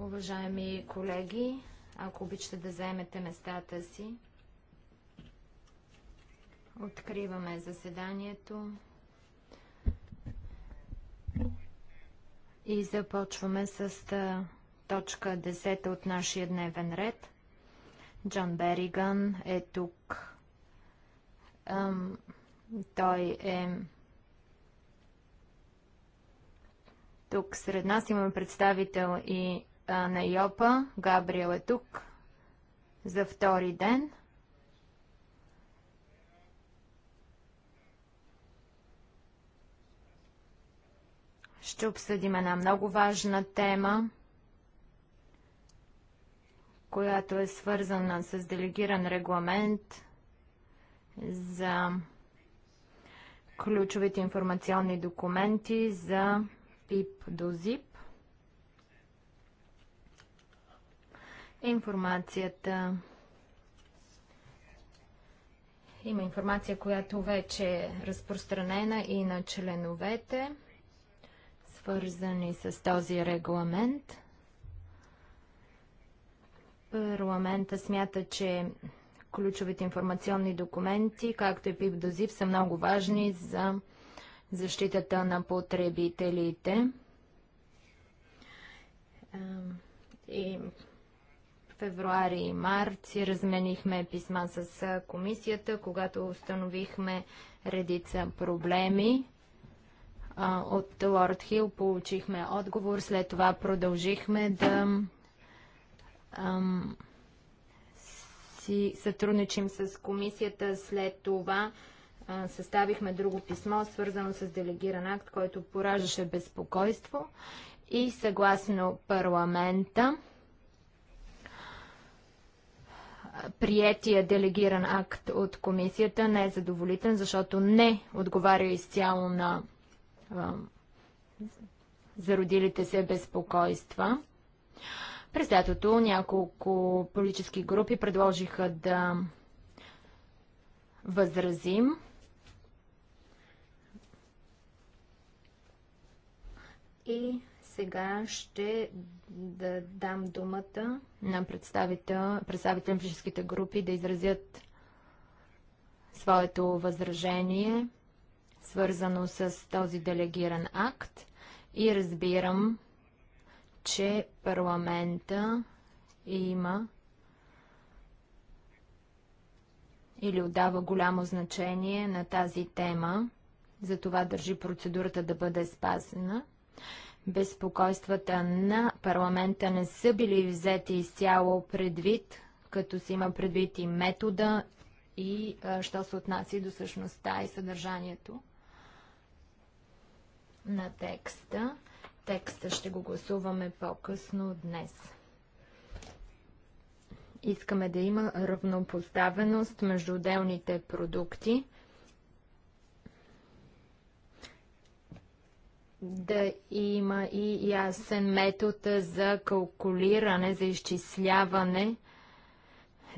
Уважаеми колеги, ако обичате да заемете местата си, откриваме заседанието и започваме с точка 10 от нашия дневен ред. Джон Бериган е тук. Той е Тук сред нас имаме представител и а, на Йопа. Габриел е тук за втори ден. Ще обсъдим една много важна тема, която е свързана с делегиран регламент за ключовите информационни документи за ПИП до ЗИП. Информацията има информация, която вече е разпространена и на членовете, свързани с този регламент. Парламента смята, че ключовите информационни документи, както и ПИП до ЗИП, са много важни за защитата на потребителите. И февруари и март си разменихме писма с комисията, когато установихме редица проблеми. От Лорд Хил получихме отговор, след това продължихме да ам, си сътрудничим с комисията, след това съставихме друго писмо, свързано с делегиран акт, който пораждаше безпокойство и съгласно парламента приетия делегиран акт от комисията не е задоволителен, защото не отговаря изцяло на а, зародилите се безпокойства. През лятото няколко политически групи предложиха да възразим И сега ще да дам думата на представител, представител на физическите групи да изразят своето възражение, свързано с този делегиран акт. И разбирам, че парламента има или отдава голямо значение на тази тема, затова държи процедурата да бъде спасена – Безпокойствата на парламента не са били взети изцяло предвид, като се има предвид и метода и а, що се отнася до същността и съдържанието на текста. Текста ще го гласуваме по-късно днес. Искаме да има равнопоставеност между отделните продукти – да има и ясен метод за калкулиране, за изчисляване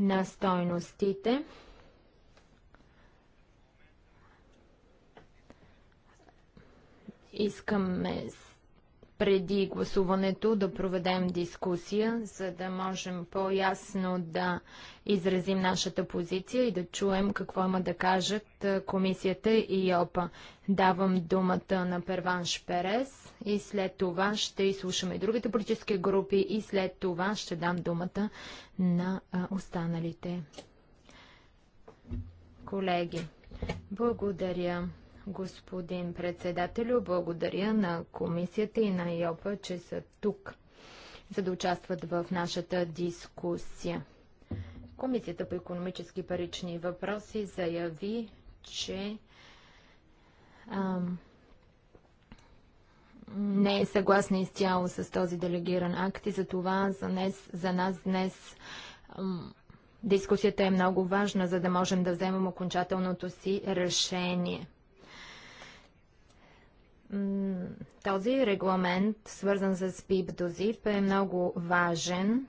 на стойностите. Искаме преди гласуването да проведем дискусия, за да можем по-ясно да изразим нашата позиция и да чуем какво има да кажат комисията и ОПА. Давам думата на Перванш Перес и след това ще изслушаме и другите политически групи и след това ще дам думата на останалите колеги. Благодаря. Господин председателю, благодаря на комисията и на ЙОПА, че са тук, за да участват в нашата дискусия. Комисията по економически парични въпроси заяви, че ам, не е съгласна изцяло с този делегиран акт и за това за, днес, за нас днес ам, дискусията е много важна, за да можем да вземем окончателното си решение. Този регламент, свързан с ПИП до ЗИП, е много важен.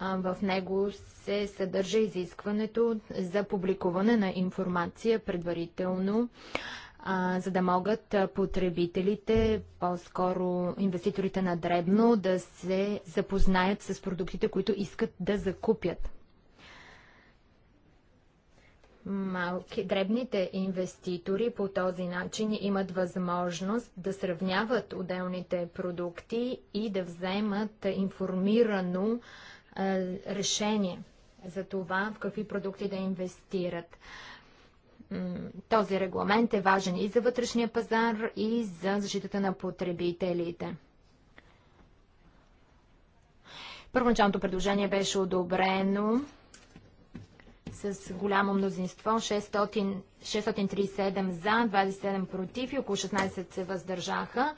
В него се съдържа изискването за публикуване на информация предварително, за да могат потребителите, по-скоро инвеститорите на дребно, да се запознаят с продуктите, които искат да закупят малки, дребните инвеститори по този начин имат възможност да сравняват отделните продукти и да вземат информирано решение за това в какви продукти да инвестират. Този регламент е важен и за вътрешния пазар, и за защитата на потребителите. Първоначалното предложение беше одобрено с голямо мнозинство 600, 637 за, 27 против и около 16 се въздържаха.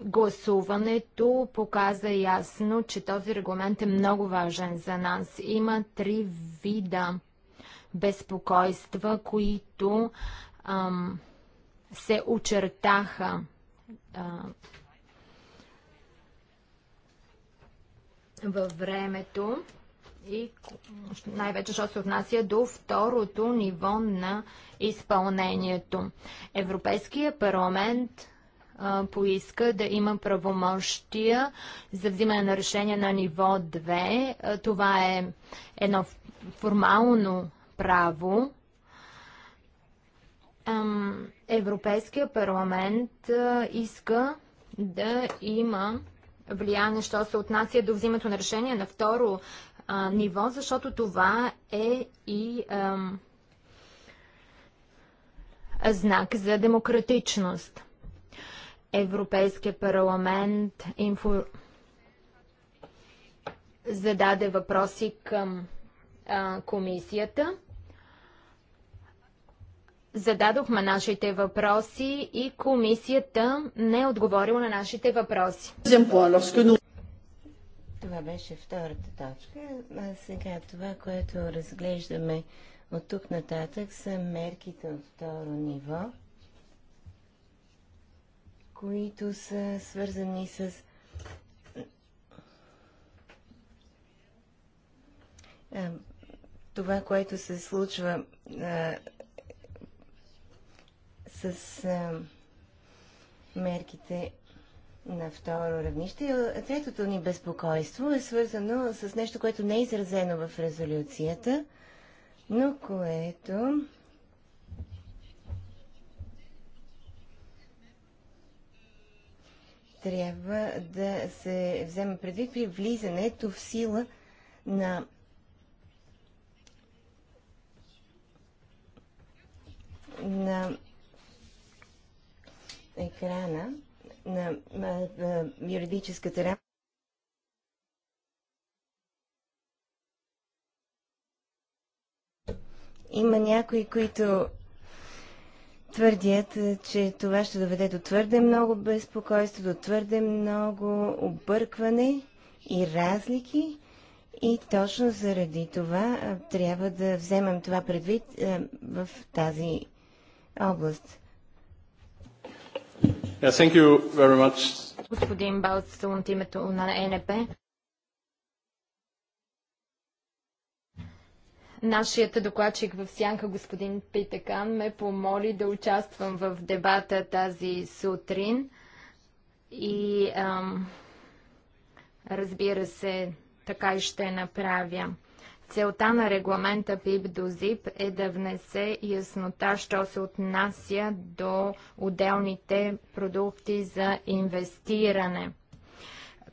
Гласуването показа ясно, че този регламент е много важен за нас. Има три вида безпокойства, които ам, се очертаха. А, във времето и най-вече, що се отнася до второто ниво на изпълнението. Европейския парламент а, поиска да има правомощия за взимане на решение на ниво 2. А, това е едно формално право. Европейския парламент иска да има влияние, що се отнася до взимането на решение на второ а, ниво, защото това е и ам, знак за демократичност. Европейския парламент инфу... зададе въпроси към а, комисията. Зададохме нашите въпроси и комисията не е отговорила на нашите въпроси. Това беше втората точка. А сега това, което разглеждаме от тук нататък са мерките от второ ниво, които са свързани с а, това, което се случва а, с а, мерките на второ равнище. Третото ни безпокойство е свързано с нещо, което не е изразено в резолюцията, но което трябва да се вземе предвид при влизането в сила на на екрана на, на, на юридическата рамка. Има някои, които твърдят, е, че това ще доведе до твърде много безпокойство, до твърде много объркване и разлики. И точно заради това е, трябва да вземем това предвид е, в тази област. Yeah, Господин Балц от името на ЕНП. Нашият докладчик в Сянка, господин Питекан, ме помоли да участвам в дебата тази сутрин. И ам, разбира се, така и ще направя. Целта на регламента ПИП до ЗИП е да внесе яснота, що се отнася до отделните продукти за инвестиране.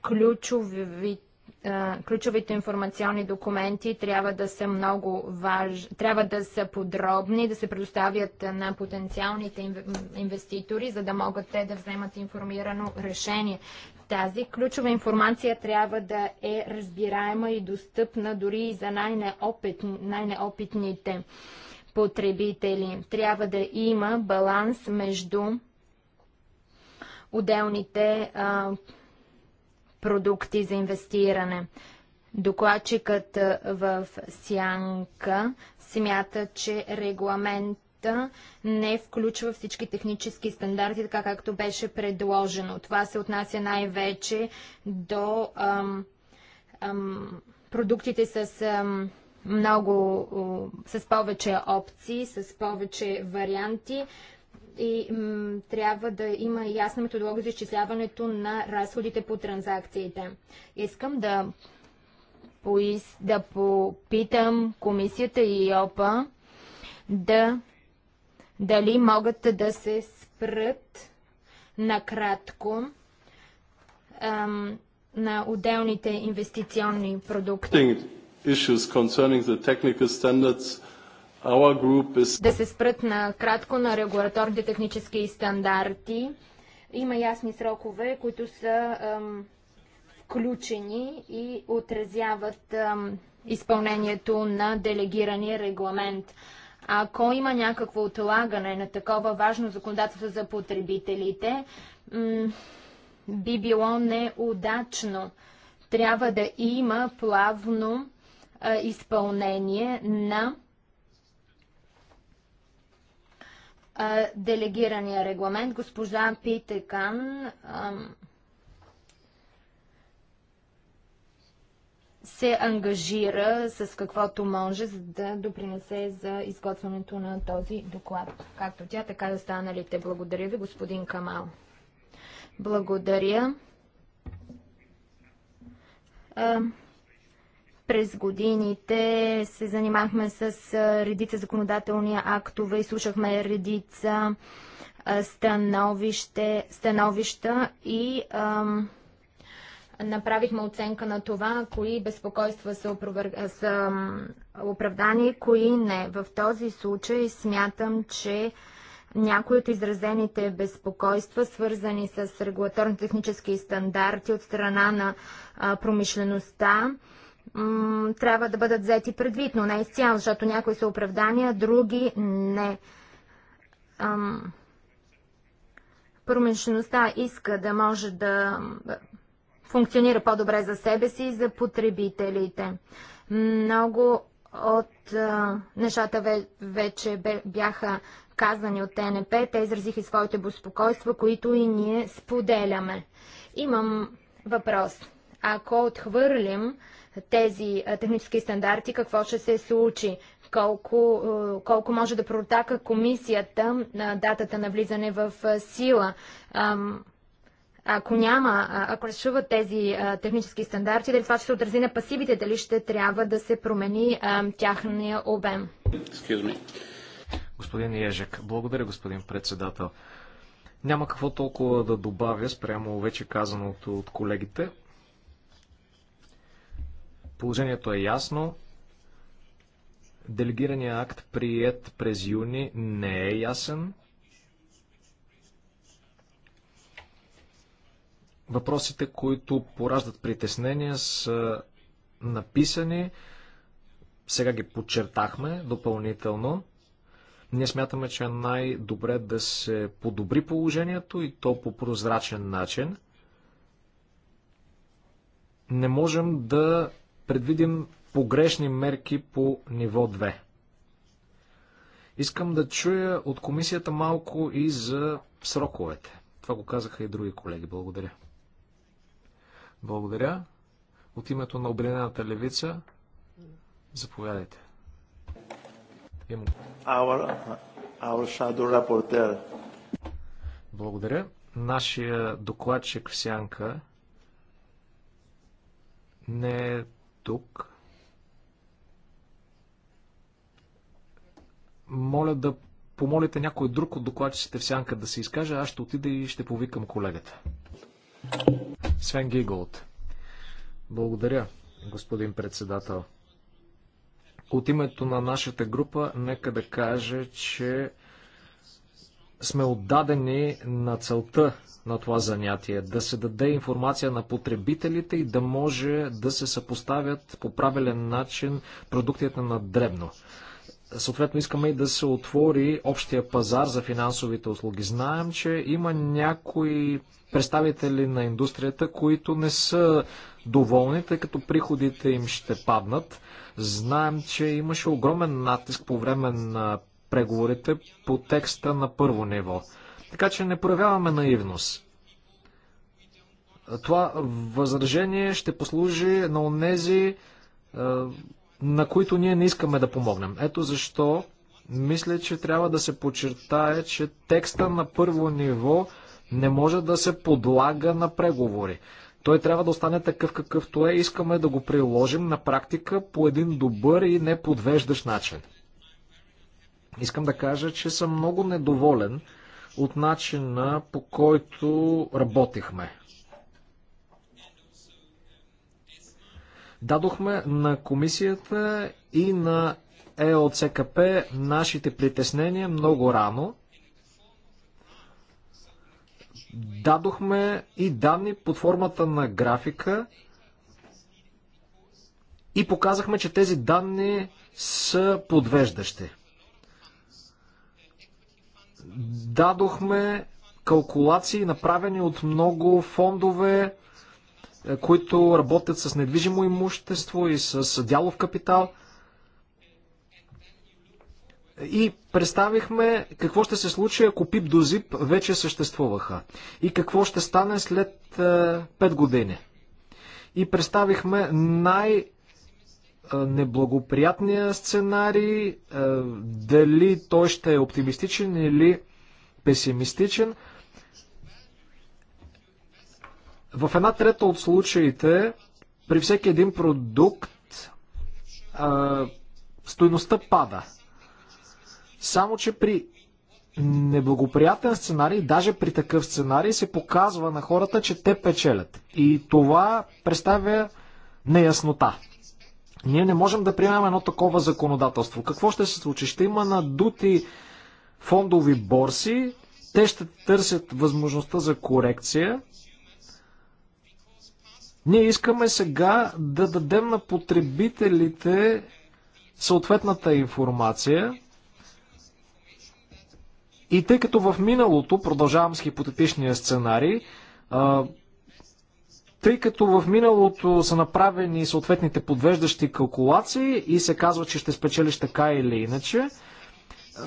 Ключови, а, ключовите информационни документи трябва да са много важ... трябва да са подробни, да се предоставят на потенциалните инвеститори, за да могат те да вземат информирано решение тази ключова информация трябва да е разбираема и достъпна дори и за най най-неопитните потребители. Трябва да има баланс между отделните а, продукти за инвестиране. Докладчикът в Сянка смята, че регламент не включва всички технически стандарти, така както беше предложено. Това се отнася най-вече до ам, ам, продуктите с ам, много, с повече опции, с повече варианти и м, трябва да има ясна методология за изчисляването на разходите по транзакциите. Искам да, поис, да попитам комисията и ОПА да дали могат да се спрат накратко ам, на отделните инвестиционни продукти. Is... Да се спрат на кратко на регулаторните технически стандарти. Има ясни срокове, които са ам, включени и отразяват ам, изпълнението на делегирания регламент. Ако има някакво отлагане на такова важно законодателство за потребителите, би било неудачно. Трябва да има плавно изпълнение на делегирания регламент. Госпожа Питекан. се ангажира с каквото може, за да допринесе за изготвянето на този доклад. Както тя, така и останалите. Благодаря ви, господин Камал. Благодаря. А, през годините се занимахме с редица законодателния актове и слушахме редица становище, становища и направихме оценка на това, кои безпокойства са, опровър... са оправдани, кои не. В този случай смятам, че някои от изразените безпокойства, свързани с регулаторно-технически стандарти от страна на промишлеността, трябва да бъдат взети предвид, но не изцяло, защото някои са оправдания, други не. Промишлеността иска да може да функционира по-добре за себе си и за потребителите. Много от а, нещата ве, вече бяха казани от ТНП. Те изразиха и своите безпокойства, които и ние споделяме. Имам въпрос. Ако отхвърлим тези а, технически стандарти, какво ще се случи? Колко, а, колко може да протака комисията на датата на влизане в сила? Ам, ако няма, ако не чуват тези технически стандарти, дали това ще се отрази на пасивите, дали ще трябва да се промени тяхния обем. Господин Ежек, благодаря господин председател. Няма какво толкова да добавя спрямо вече казаното от колегите. Положението е ясно. Делегираният акт, прият през юни, не е ясен. Въпросите, които пораждат притеснения, са написани. Сега ги подчертахме допълнително. Ние смятаме, че е най-добре да се подобри положението и то по прозрачен начин. Не можем да предвидим погрешни мерки по ниво 2. Искам да чуя от комисията малко и за сроковете. Това го казаха и други колеги. Благодаря. Благодаря. От името на Обединената левица, заповядайте. Им... Our, our Благодаря. Нашия докладчик в Сянка не е тук. Моля да помолите някой друг от докладчиците в Сянка да се изкаже, аз ще отида и ще повикам колегата. Свен Гиголт. Благодаря, господин председател. От името на нашата група, нека да кажа, че сме отдадени на целта на това занятие да се даде информация на потребителите и да може да се съпоставят по правилен начин продуктите на дребно. Съответно искаме и да се отвори общия пазар за финансовите услуги. Знаем, че има някои представители на индустрията, които не са доволни, тъй като приходите им ще паднат. Знаем, че имаше огромен натиск по време на преговорите по текста на първо ниво. Така че не проявяваме наивност. Това възражение ще послужи на онези на които ние не искаме да помогнем. Ето защо мисля, че трябва да се подчертае, че текста на първо ниво не може да се подлага на преговори. Той трябва да остане такъв какъвто е. Искаме да го приложим на практика по един добър и неподвеждащ начин. Искам да кажа, че съм много недоволен от начина по който работихме Дадохме на комисията и на ЕОЦКП нашите притеснения много рано. Дадохме и данни под формата на графика и показахме, че тези данни са подвеждащи. Дадохме калкулации, направени от много фондове, е, които работят с недвижимо имущество и с дялов капитал. И представихме какво ще се случи, ако ПИП до ЗИП вече съществуваха. И какво ще стане след 5 е, години. И представихме най- е, неблагоприятния сценарий, дали той ще е оптимистичен или песимистичен. В една трета от случаите, при всеки един продукт, а, стойността пада. Само, че при неблагоприятен сценарий, даже при такъв сценарий, се показва на хората, че те печелят. И това представя неяснота. Ние не можем да приемем едно такова законодателство. Какво ще се случи? Ще има надути фондови борси, те ще търсят възможността за корекция ние искаме сега да дадем на потребителите съответната информация. И тъй като в миналото, продължавам с хипотетичния сценарий, тъй като в миналото са направени съответните подвеждащи калкулации и се казва, че ще спечелиш така или иначе,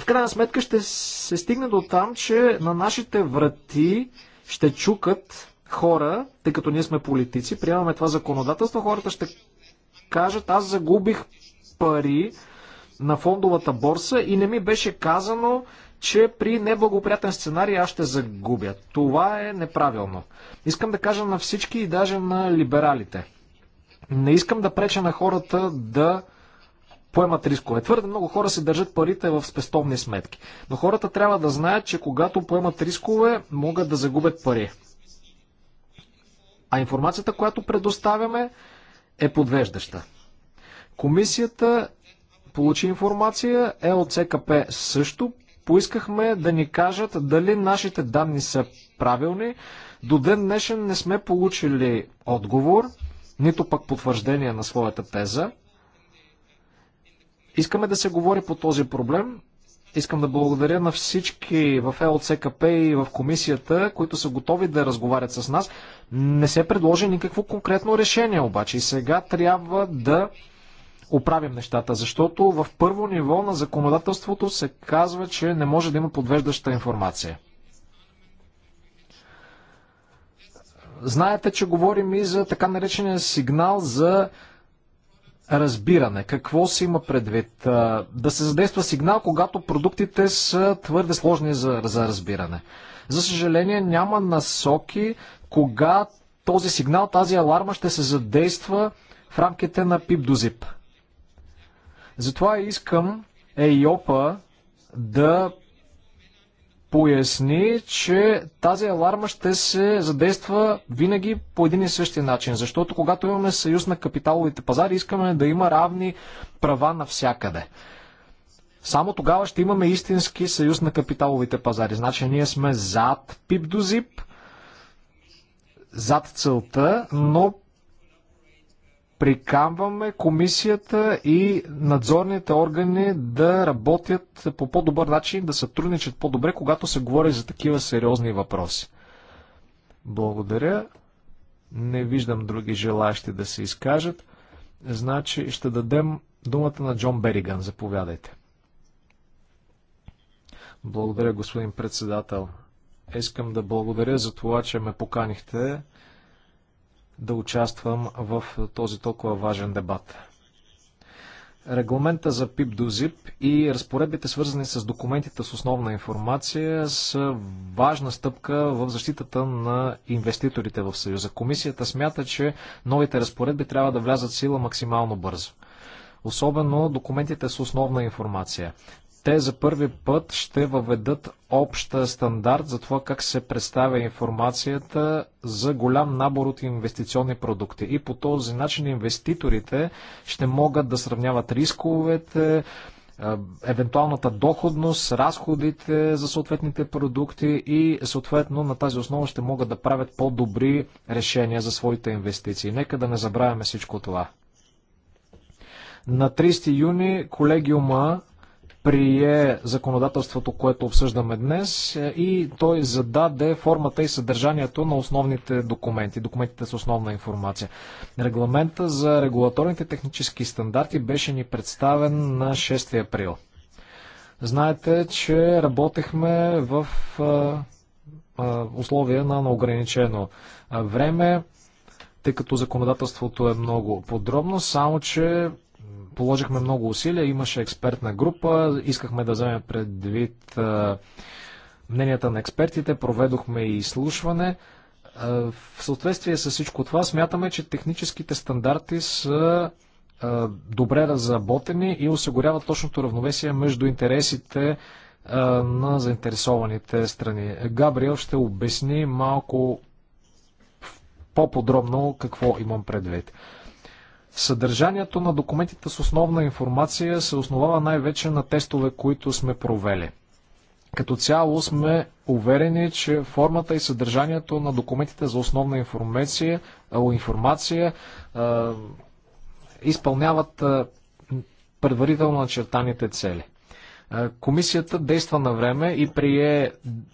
в крайна сметка ще се стигне до там, че на нашите врати ще чукат хора, тъй като ние сме политици, приемаме това законодателство, хората ще кажат, аз загубих пари на фондовата борса и не ми беше казано, че при неблагоприятен сценарий аз ще загубя. Това е неправилно. Искам да кажа на всички и даже на либералите. Не искам да преча на хората да поемат рискове. Твърде много хора си държат парите в спестовни сметки. Но хората трябва да знаят, че когато поемат рискове, могат да загубят пари а информацията, която предоставяме, е подвеждаща. Комисията получи информация, ЛЦКП е също. Поискахме да ни кажат дали нашите данни са правилни. До ден днешен не сме получили отговор, нито пък потвърждение на своята теза. Искаме да се говори по този проблем. Искам да благодаря на всички в ЛЦКП и в комисията, които са готови да разговарят с нас. Не се предложи никакво конкретно решение обаче и сега трябва да оправим нещата, защото в първо ниво на законодателството се казва, че не може да има подвеждаща информация. Знаете, че говорим и за така наречения сигнал за разбиране. Какво се има предвид? Да се задейства сигнал, когато продуктите са твърде сложни за, за разбиране. За съжаление, няма насоки кога този сигнал, тази аларма ще се задейства в рамките на пип до зип. Затова искам ЕИОПА да поясни, че тази аларма ще се задейства винаги по един и същи начин, защото когато имаме съюз на капиталовите пазари, искаме да има равни права навсякъде. Само тогава ще имаме истински съюз на капиталовите пазари. Значи ние сме зад пип до зип, зад целта, но приканваме комисията и надзорните органи да работят по по-добър начин, да сътрудничат по-добре, когато се говори за такива сериозни въпроси. Благодаря. Не виждам други желащи да се изкажат. Значи ще дадем думата на Джон Бериган. Заповядайте. Благодаря, господин председател. Искам да благодаря за това, че ме поканихте да участвам в този толкова важен дебат. Регламента за ПИП до ЗИП и разпоредбите свързани с документите с основна информация са важна стъпка в защитата на инвеститорите в Съюза. Комисията смята, че новите разпоредби трябва да влязат в сила максимално бързо особено документите с основна информация. Те за първи път ще въведат обща стандарт за това как се представя информацията за голям набор от инвестиционни продукти. И по този начин инвеститорите ще могат да сравняват рисковете, е, евентуалната доходност, разходите за съответните продукти и съответно на тази основа ще могат да правят по-добри решения за своите инвестиции. Нека да не забравяме всичко това. На 30 юни колегиума прие законодателството, което обсъждаме днес е, и той зададе формата и съдържанието на основните документи, документите с основна информация. Регламента за регулаторните технически стандарти беше ни представен на 6 април. Знаете, че работехме в а, а, условия на, на ограничено време, тъй като законодателството е много подробно, само че положихме много усилия, имаше експертна група, искахме да вземем предвид мненията на експертите, проведохме и изслушване. В съответствие с всичко това смятаме, че техническите стандарти са добре разработени и осигуряват точното равновесие между интересите на заинтересованите страни. Габриел ще обясни малко по-подробно какво имам предвид. Съдържанието на документите с основна информация се основава най-вече на тестове, които сме провели. Като цяло сме уверени, че формата и съдържанието на документите за основна информация, информация изпълняват предварително начертаните цели. Комисията действа на време и прие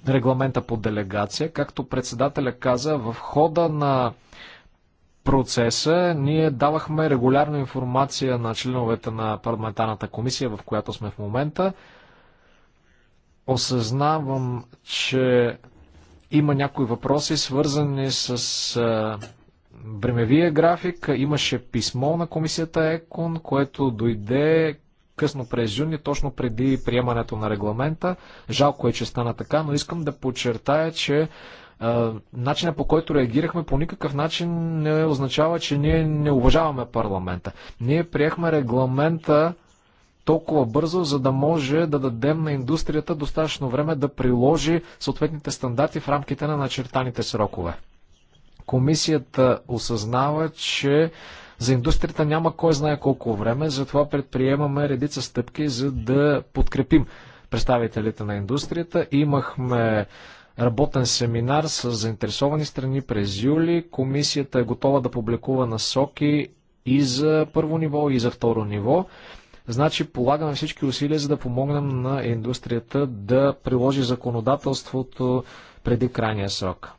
регламента по делегация. Както председателя каза, в хода на процеса. Ние давахме регулярна информация на членовете на парламентарната комисия, в която сме в момента. Осъзнавам, че има някои въпроси, свързани с времевия график. Имаше писмо на комисията ЕКОН, което дойде късно през юни, точно преди приемането на регламента. Жалко е, че стана така, но искам да подчертая, че начина по който реагирахме по никакъв начин не означава, че ние не уважаваме парламента. Ние приехме регламента толкова бързо, за да може да дадем на индустрията достатъчно време да приложи съответните стандарти в рамките на начертаните срокове. Комисията осъзнава, че за индустрията няма кой знае колко време, затова предприемаме редица стъпки, за да подкрепим представителите на индустрията. Имахме работен семинар с заинтересовани страни през юли. Комисията е готова да публикува насоки и за първо ниво, и за второ ниво. Значи полагаме всички усилия, за да помогнем на индустрията да приложи законодателството преди крайния срок.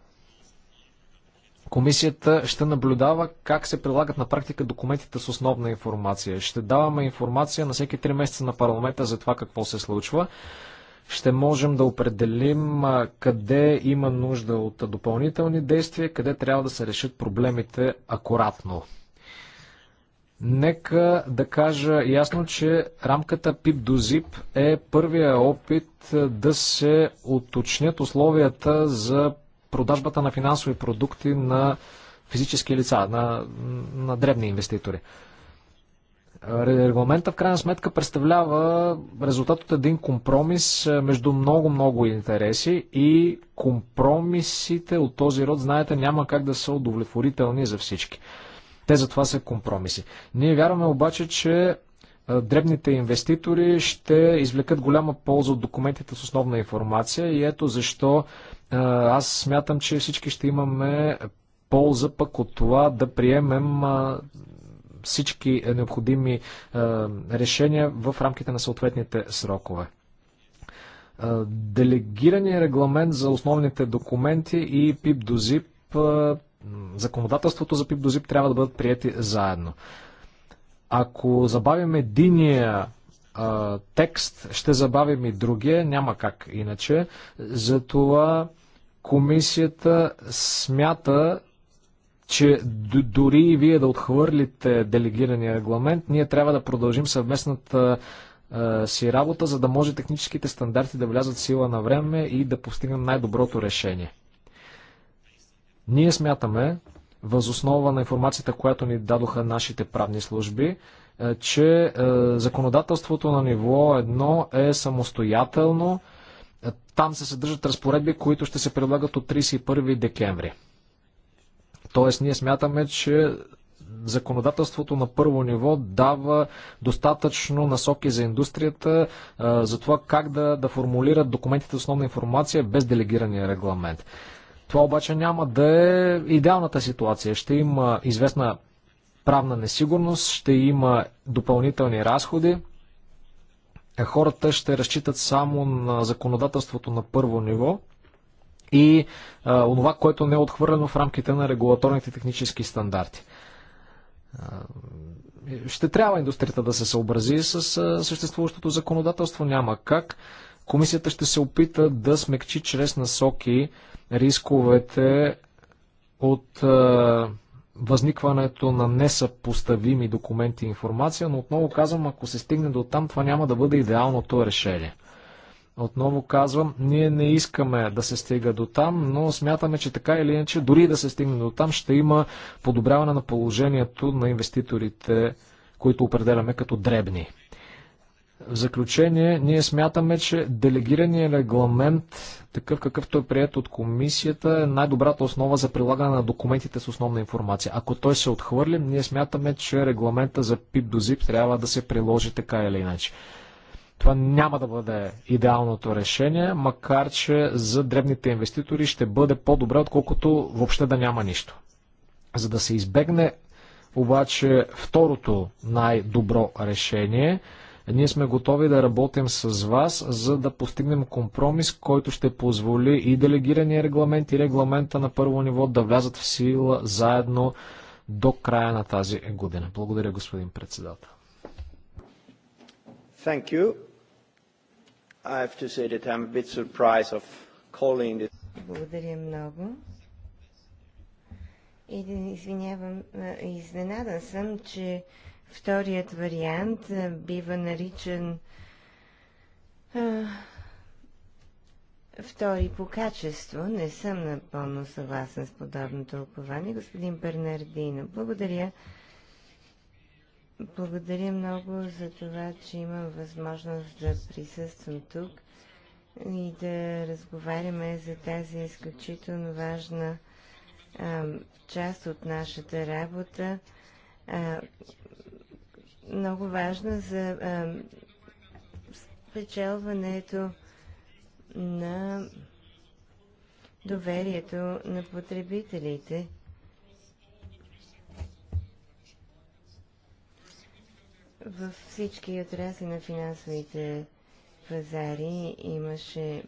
Комисията ще наблюдава как се прилагат на практика документите с основна информация. Ще даваме информация на всеки 3 месеца на парламента за това какво се случва ще можем да определим къде има нужда от допълнителни действия, къде трябва да се решат проблемите акуратно. Нека да кажа ясно, че рамката PIP до ZIP е първия опит да се уточнят условията за продажбата на финансови продукти на физически лица, на, на дребни инвеститори. Регламента в крайна сметка представлява резултат от един компромис е, между много-много интереси и компромисите от този род, знаете, няма как да са удовлетворителни за всички. Те затова са компромиси. Ние вярваме обаче, че е, дребните инвеститори ще извлекат голяма полза от документите с основна информация и ето защо е, аз смятам, че всички ще имаме полза пък от това да приемем всички необходими решения в рамките на съответните срокове. Делегирания регламент за основните документи и ПИП до ЗИП, законодателството за ПИП до ЗИП трябва да бъдат прияти заедно. Ако забавим единия текст, ще забавим и другия, няма как иначе. Затова комисията смята, че дори и вие да отхвърлите делегирания регламент, ние трябва да продължим съвместната е, си работа, за да може техническите стандарти да влязат в сила на време и да постигнем най-доброто решение. Ние смятаме, възоснова на информацията, която ни дадоха нашите правни служби, е, че е, законодателството на ниво едно е самостоятелно. Там се съдържат разпоредби, които ще се предлагат от 31 декември. Тоест, ние смятаме, че законодателството на първо ниво дава достатъчно насоки за индустрията за това как да, да формулират документите основна информация без делегирания регламент. Това обаче няма да е идеалната ситуация. Ще има известна правна несигурност, ще има допълнителни разходи. Хората ще разчитат само на законодателството на първо ниво и а, онова, което не е отхвърлено в рамките на регулаторните технически стандарти. Ще трябва индустрията да се съобрази с съществуващото законодателство. Няма как. Комисията ще се опита да смекчи чрез насоки рисковете от възникването на несъпоставими документи и информация, но отново казвам, ако се стигне до там, това няма да бъде идеалното решение. Отново казвам, ние не искаме да се стига до там, но смятаме, че така или иначе, дори да се стигне до там, ще има подобряване на положението на инвеститорите, които определяме като дребни. В заключение, ние смятаме, че делегирания регламент, такъв какъвто е прият от комисията, е най-добрата основа за прилагане на документите с основна информация. Ако той се отхвърли, ние смятаме, че регламента за ПИП до ЗИП трябва да се приложи така или иначе. Това няма да бъде идеалното решение, макар че за дребните инвеститори ще бъде по-добре, отколкото въобще да няма нищо. За да се избегне обаче второто най-добро решение, ние сме готови да работим с вас, за да постигнем компромис, който ще позволи и делегирания регламент и регламента на първо ниво да влязат в сила заедно до края на тази година. Благодаря, господин председател. Thank you. Благодаря много. И да извинявам, изненадан съм, че вторият вариант бива наричан втори по качество. Не съм напълно съгласен с подобно тълкование. Господин Бернардино, благодаря. Благодаря много за това, че имам възможност да присъствам тук и да разговаряме за тази изключително важна а, част от нашата работа. А, много важна за а, спечелването на доверието на потребителите – във всички отрасли на финансовите пазари имаше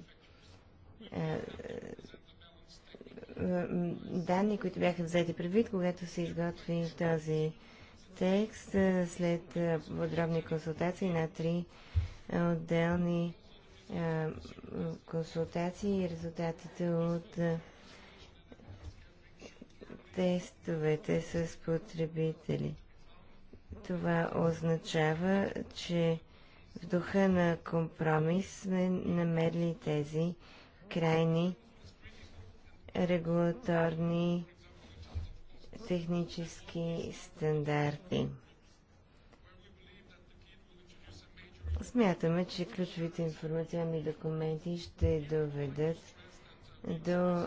данни, които бяха взети предвид, когато се изготви този текст след подробни консултации на три отделни консултации и резултатите от тестовете с потребители. Това означава, че в духа на компромис сме намерили тези крайни регулаторни технически стандарти. Смятаме, че ключовите информационни документи ще доведат до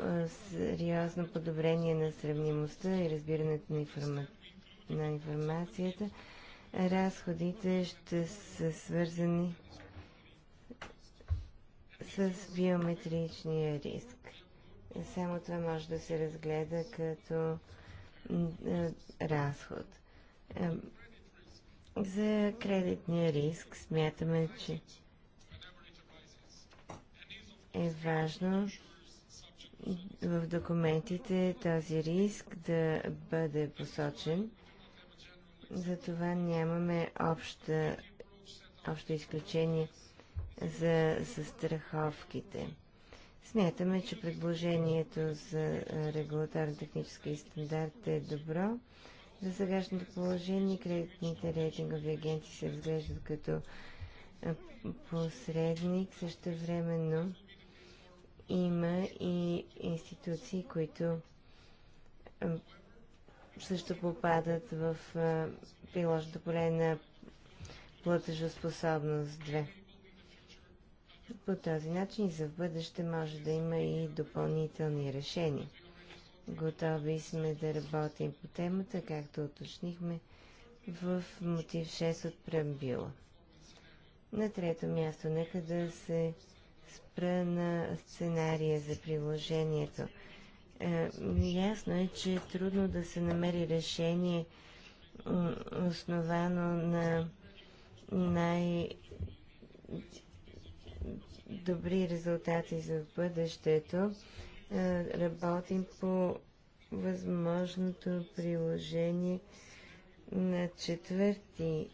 сериозно подобрение на сравнимостта и разбирането на информация на информацията. Разходите ще са свързани с биометричния риск. Само това може да се разгледа като е, разход. Е, за кредитния риск смятаме, че е важно в документите този риск да бъде посочен затова нямаме обща, общо изключение за застраховките. Смятаме, че предложението за регулаторно технически стандарт е добро. За сегашното положение кредитните рейтингови агенции се разглеждат като посредник. Също времено има и институции, които също попадат в приложното поле на платежоспособност 2. По този начин за в бъдеще може да има и допълнителни решения. Готови сме да работим по темата, както уточнихме в мотив 6 от преамбюла. На трето място нека да се спра на сценария за приложението е, ясно е, че е трудно да се намери решение основано на най- добри резултати за бъдещето. Е, работим по възможното приложение на четвърти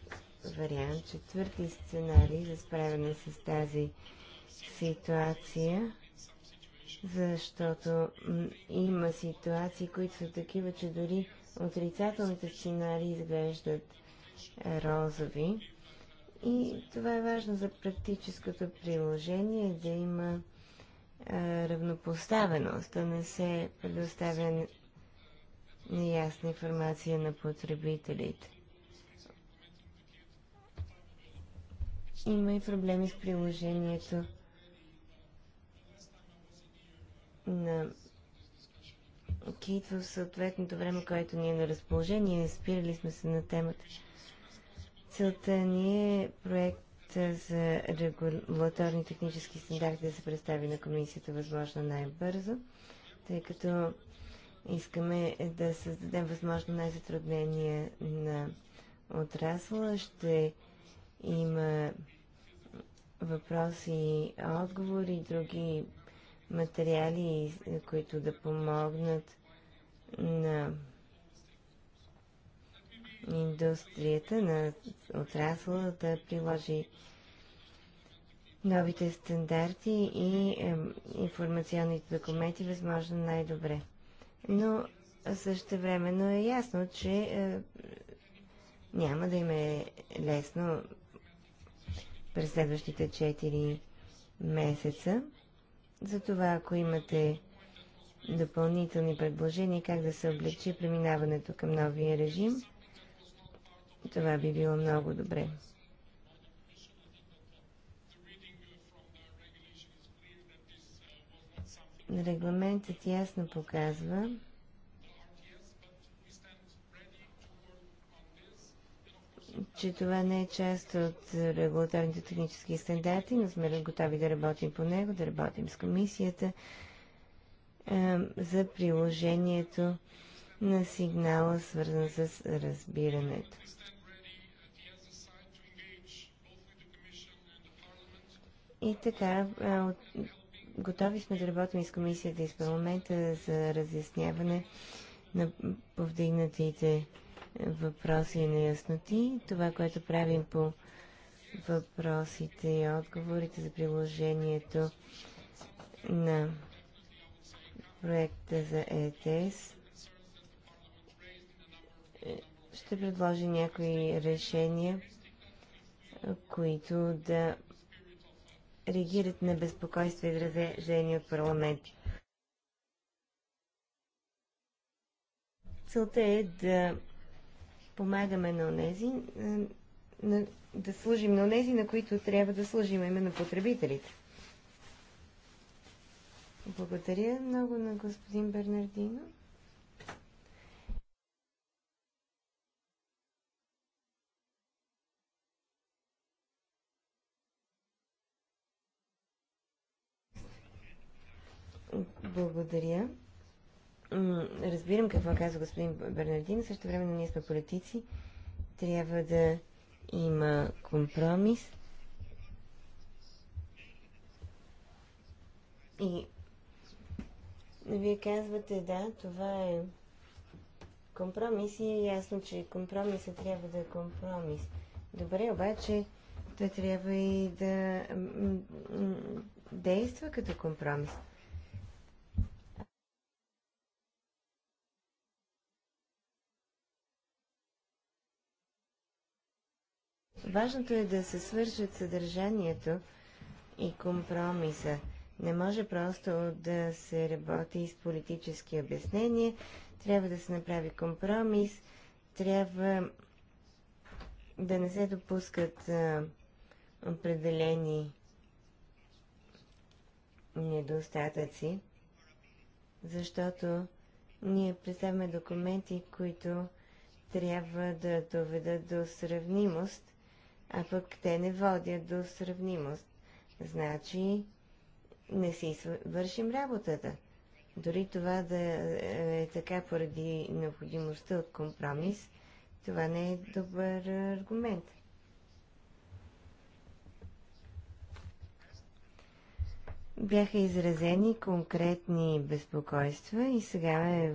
вариант, четвърти сценарий за справяне с тази ситуация защото има ситуации, които са такива, че дори отрицателните сценарии изглеждат е, розови. И това е важно за практическото приложение, да има е, равнопоставеност, да не се предоставя неясна информация на потребителите. Има и проблеми с приложението на Кейт в съответното време, което ни е на разположение. Спирали сме се на темата. Целта ни е проект за регулаторни технически стандарти да се представи на комисията възможно най-бързо, тъй като искаме да създадем възможно най-затруднения на отрасла. Ще има въпроси, отговори, други материали, които да помогнат на индустрията, на отрасла да приложи новите стандарти и е, информационните документи възможно най-добре. Но също времено е ясно, че е, няма да им е лесно през следващите 4 месеца. Затова, ако имате допълнителни предложения как да се облегчи преминаването към новия режим, това би било много добре. Регламентът ясно показва, че това не е част от регулаторните технически стандарти, но сме готови да работим по него, да работим с комисията за приложението на сигнала, свързан с разбирането. И така, готови сме да работим и с комисията и с парламента за разясняване на повдигнатите въпроси и неясноти. Това, което правим по въпросите и отговорите за приложението на проекта за ЕТС, ще предложи някои решения, които да реагират на безпокойство и изражение от парламент. Целта е да помагаме на онези, е, на, да служим на онези, на които трябва да служим, именно потребителите. Благодаря много на господин Бернардино. Благодаря разбирам какво казва господин Бернардин, също време ние сме политици. Трябва да има компромис. И вие казвате, да, това е компромис и е ясно, че компромисът трябва да е компромис. Добре, обаче той трябва и да действа като компромис. Важното е да се свържат съдържанието и компромиса. Не може просто да се работи с политически обяснения, трябва да се направи компромис, трябва да не се допускат а, определени недостатъци, защото ние представяме документи, които трябва да доведат до сравнимост а пък те не водят до сравнимост. Значи, не си вършим работата. Дори това да е така поради необходимостта от компромис, това не е добър аргумент. Бяха изразени конкретни безпокойства и сега е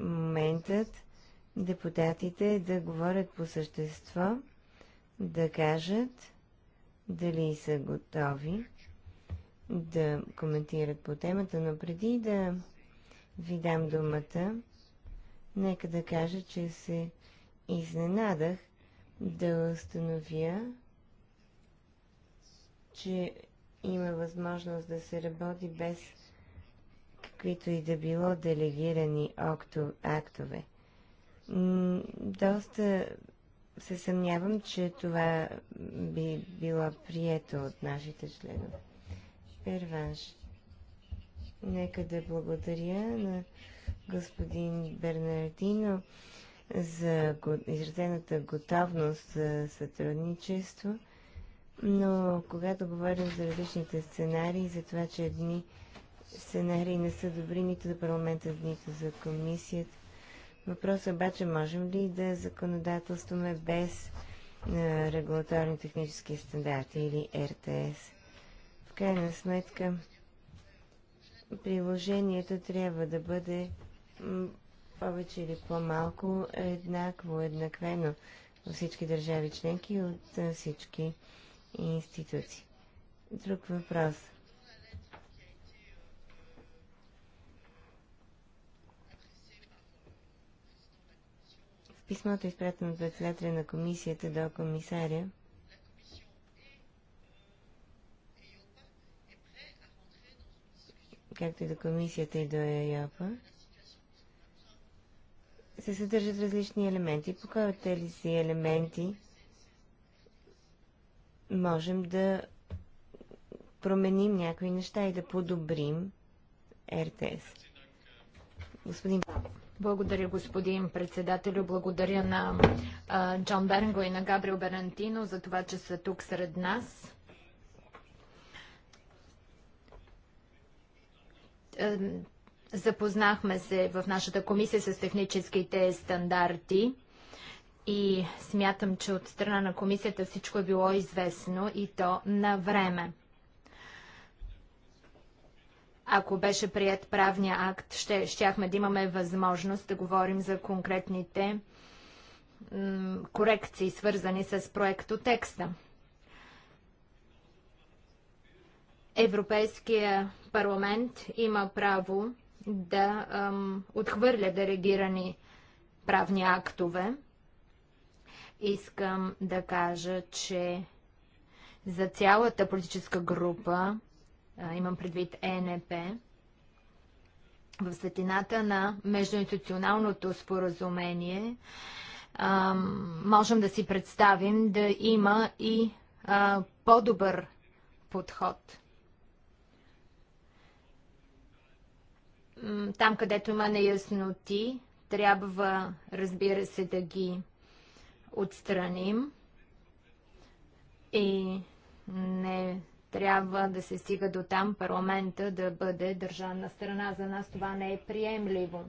моментът депутатите да говорят по същество – да кажат дали са готови да коментират по темата, но преди да ви дам думата, нека да кажа, че се изненадах да установя, че има възможност да се работи без каквито и да било делегирани актове. Доста се съмнявам, че това би било прието от нашите членове. Перванш. Нека да благодаря на господин Бернардино за изразената готовност за сътрудничество, но когато говорим за различните сценарии, за това, че едни сценарии не са добри нито за парламента, нито за комисията, Въпросът е обаче можем ли да законодателстваме без е, регулаторни технически стандарти или РТС. В крайна сметка приложението трябва да бъде повече или по-малко еднакво, еднаквено във всички държави членки от е, всички институции. Друг въпрос – Писмото писмото, е изпратено от председателя на комисията до комисаря, както и до комисията и до ЕОПа, се съдържат различни елементи. По тези си елементи можем да променим някои неща и да подобрим РТС. Господин Павлов. Благодаря, господин председател, Благодаря на Джон Беренго и на Габриел Берантино за това, че са тук сред нас. Е, запознахме се в нашата комисия с техническите стандарти и смятам, че от страна на комисията всичко е било известно и то на време. Ако беше прият правния акт, ще, щяхме да имаме възможност да говорим за конкретните корекции, свързани с текста. Европейския парламент има право да ам, отхвърля делегирани правни актове. Искам да кажа, че за цялата политическа група имам предвид ЕНП, в светлината на междуинституционалното споразумение можем да си представим да има и по-добър подход. Там, където има неясноти, трябва, разбира се, да ги отстраним и не трябва да се стига до там парламента да бъде държавна страна. За нас това не е приемливо.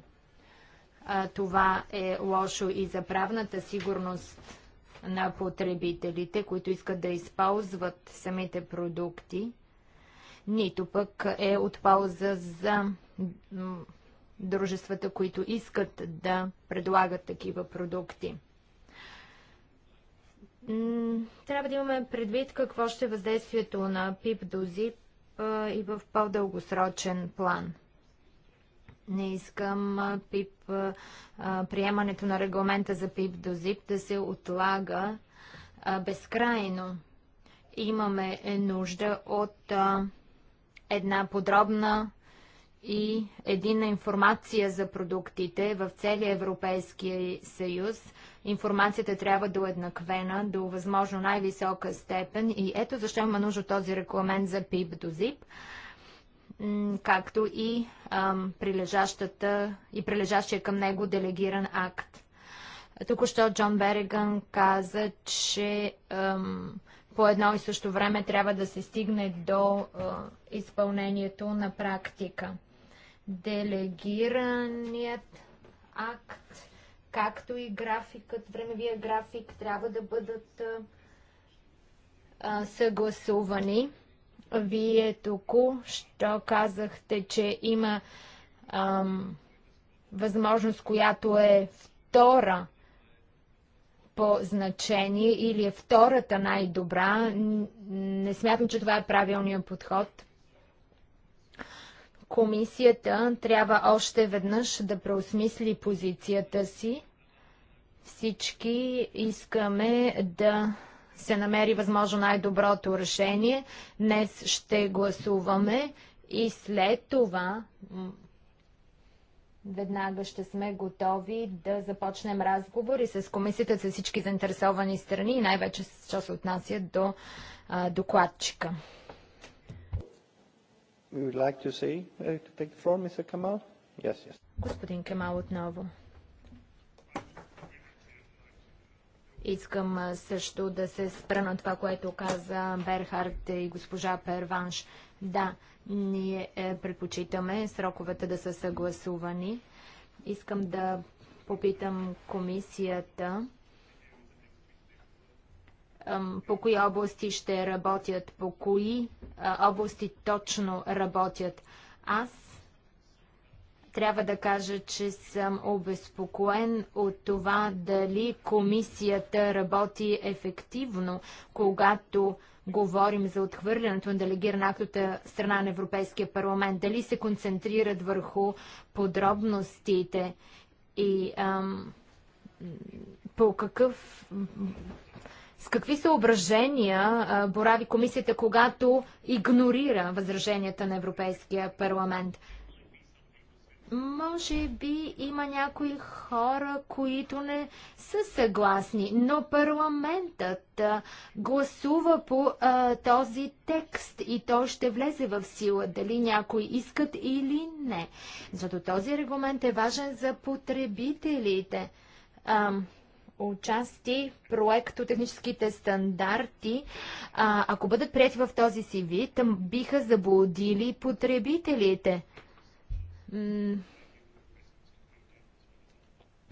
А, това е лошо и за правната сигурност на потребителите, които искат да използват самите продукти, нито пък е от полза за дружествата, които искат да предлагат такива продукти. Трябва да имаме предвид какво ще е въздействието на ПИП до ЗИП и в по-дългосрочен план. Не искам ПИП, приемането на регламента за ПИП до ЗИП да се отлага безкрайно. Имаме е, нужда от една подробна и единна информация за продуктите в целия Европейския съюз, Информацията трябва да е еднаквена до възможно най-висока степен и ето защо има нужда този рекламент за ПИП до ЗИП както и ам, прилежащата и прилежащия към него делегиран акт. Току-що Джон Береган каза, че ам, по едно и също време трябва да се стигне до а, изпълнението на практика. Делегираният акт както и графикът, времевия график трябва да бъдат а, съгласувани. Вие току-що казахте, че има ам, възможност, която е втора по значение или е втората най-добра. Не смятам, че това е правилният подход. Комисията трябва още веднъж да преосмисли позицията си. Всички искаме да се намери възможно най-доброто решение. Днес ще гласуваме и след това веднага ще сме готови да започнем разговори с комисията, с всички заинтересовани страни и най-вече, що се отнася до а, докладчика would like to say, uh, to take the floor, Mr. Kamal? Yes, yes. Господин Кемал отново. Искам също да се спра на това, което каза Берхард и госпожа Перванш. Да, ние е, предпочитаме сроковете да са съгласувани. Искам да попитам комисията по кои области ще работят, по кои области точно работят. Аз трябва да кажа, че съм обезпокоен от това дали комисията работи ефективно, когато говорим за отхвърлянето на делегираната страна на Европейския парламент, дали се концентрират върху подробностите и ам, по какъв с какви съображения борави комисията, когато игнорира възраженията на Европейския парламент? Може би има някои хора, които не са съгласни, но парламентът гласува по а, този текст и то ще влезе в сила, дали някои искат или не. Защото този регламент е важен за потребителите. А, отчасти проекто техническите стандарти, а, ако бъдат прияти в този си вид, биха заблудили потребителите. М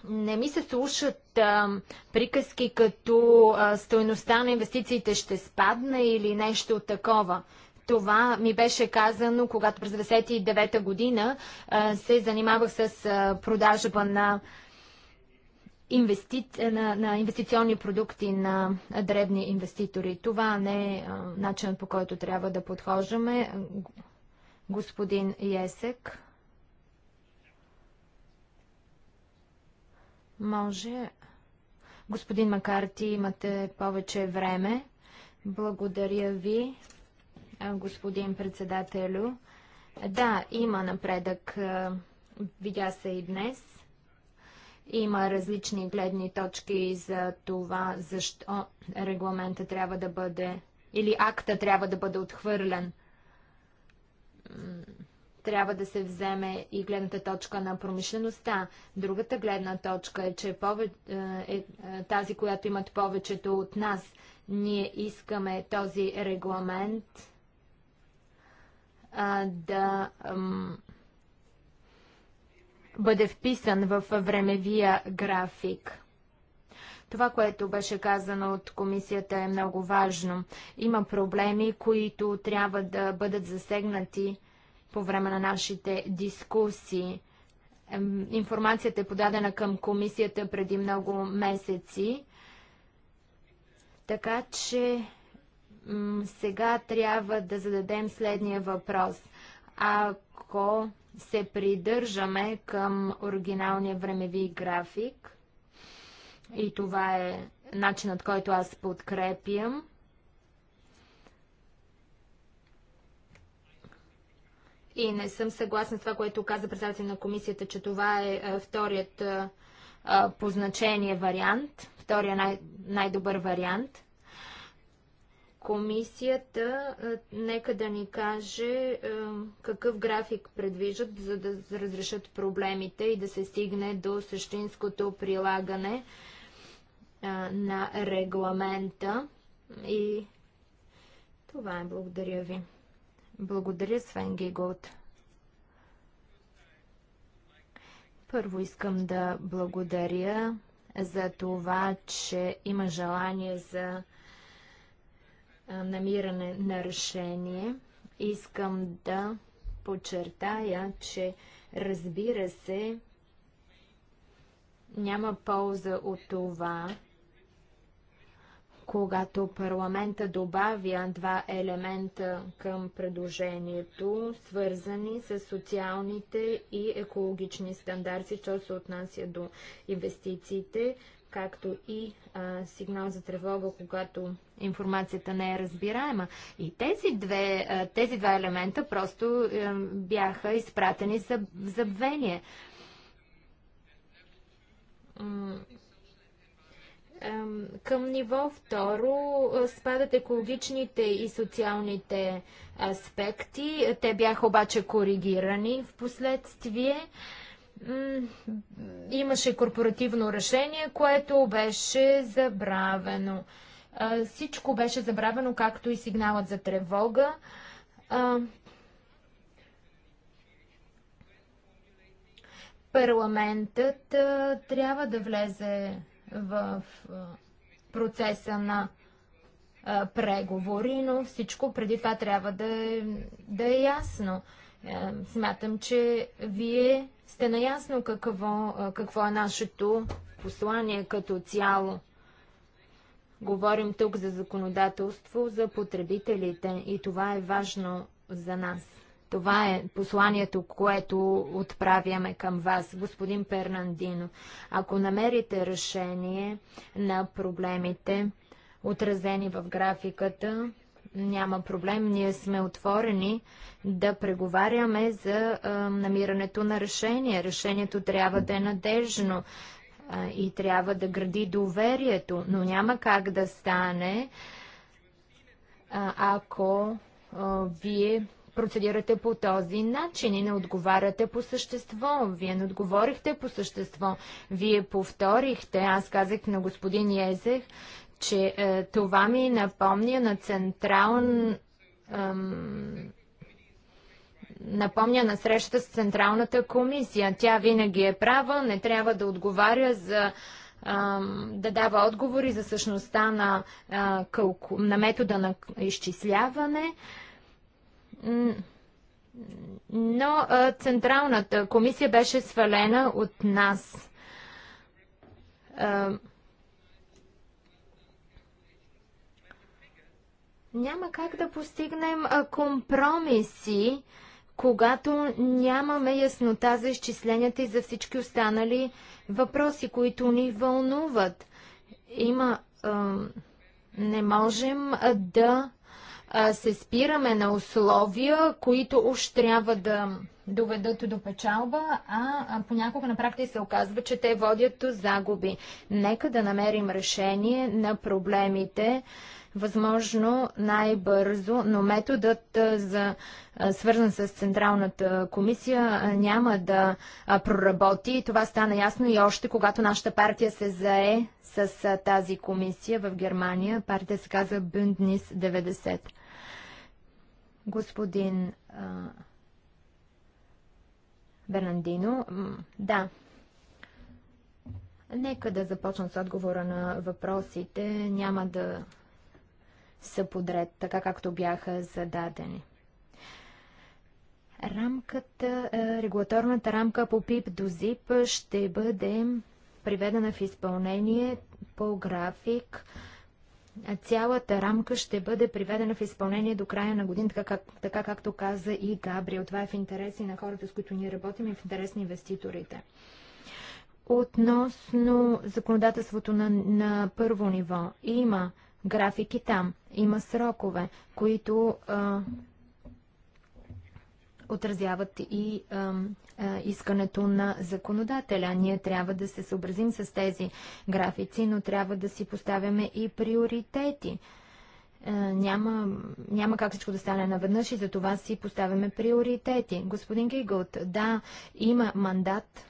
не ми се слушат а, приказки като а, стоеността на инвестициите ще спадне или нещо такова. Това ми беше казано, когато през 1999 година а, се занимавах с а, продажба на инвести... на, на инвестиционни продукти на дребни инвеститори. Това не е начинът по който трябва да подхождаме. Господин Есек. Може. Господин Макарти, имате повече време. Благодаря ви, господин председателю. Да, има напредък. Видя се и днес. Има различни гледни точки за това, защо регламента трябва да бъде или акта трябва да бъде отхвърлен. Трябва да се вземе и гледната точка на промишлеността. Другата гледна точка е, че пове... е, е тази, която имат повечето от нас. Ние искаме този регламент а, да бъде вписан в времевия график. Това, което беше казано от комисията е много важно. Има проблеми, които трябва да бъдат засегнати по време на нашите дискусии. Информацията е подадена към комисията преди много месеци, така че сега трябва да зададем следния въпрос. Ако се придържаме към оригиналния времеви график и това е начинът, който аз подкрепям. И не съм съгласна с това, което каза председател на комисията, че това е, е вторият е, е, по значение вариант, вторият най- най-добър вариант – комисията нека да ни каже какъв график предвижат, за да разрешат проблемите и да се стигне до същинското прилагане на регламента. И това е. Благодаря ви. Благодаря, Свен Гигот. Първо искам да благодаря за това, че има желание за намиране на решение. Искам да подчертая, че разбира се, няма полза от това, когато парламента добавя два елемента към предложението, свързани с социалните и екологични стандарти, що се отнася до инвестициите както и а, сигнал за тревога, когато информацията не е разбираема. И тези, две, а, тези два елемента просто а, е, бяха изпратени за забвение. Към ниво второ спадат екологичните и социалните аспекти. Те бяха обаче коригирани в последствие имаше корпоративно решение, което беше забравено. всичко беше забравено, както и сигналът за тревога. парламентът трябва да влезе в процеса на преговори, но всичко преди това трябва да е, да е ясно. Е, смятам, че вие сте наясно какво, е, какво е нашето послание като цяло. Говорим тук за законодателство, за потребителите и това е важно за нас. Това е посланието, което отправяме към вас, господин Пернандино. Ако намерите решение на проблемите, отразени в графиката, няма проблем. Ние сме отворени да преговаряме за а, намирането на решение. Решението трябва да е надежно а, и трябва да гради доверието, но няма как да стане, а, ако вие процедирате по този начин и не отговаряте по същество. Вие не отговорихте по същество. Вие повторихте. Аз казах на господин Езех, че е, това ми напомня на централн... Ем, напомня на срещата с Централната комисия. Тя винаги е права, не трябва да отговаря за да дава отговори за същността на, на метода на изчисляване. Но Централната комисия беше свалена от нас. Няма как да постигнем компромиси, когато нямаме яснота за изчисленията и за всички останали въпроси, които ни вълнуват. Има. Не можем да се спираме на условия, които уж трябва да доведат до печалба, а понякога на практика се оказва, че те водят до загуби. Нека да намерим решение на проблемите възможно най-бързо, но методът за свързан с Централната комисия няма да проработи. Това стана ясно и още когато нашата партия се зае с тази комисия в Германия. Партия се казва Бюнднис 90. Господин Бернандино, да. Нека да започна с отговора на въпросите. Няма да са подред, така както бяха зададени. Рамката, е, регулаторната рамка по ПИП до ЗИП ще бъде приведена в изпълнение по график. Цялата рамка ще бъде приведена в изпълнение до края на година, така, как, така както каза и Габриел. Това е в интерес и на хората, с които ние работим и в интерес на инвеститорите. Относно законодателството на, на първо ниво, има графики там. Има срокове, които а, отразяват и а, а, искането на законодателя. Ние трябва да се съобразим с тези графици, но трябва да си поставяме и приоритети. няма, няма как всичко да стане наведнъж и за това си поставяме приоритети. Господин Гигълт, да, има мандат,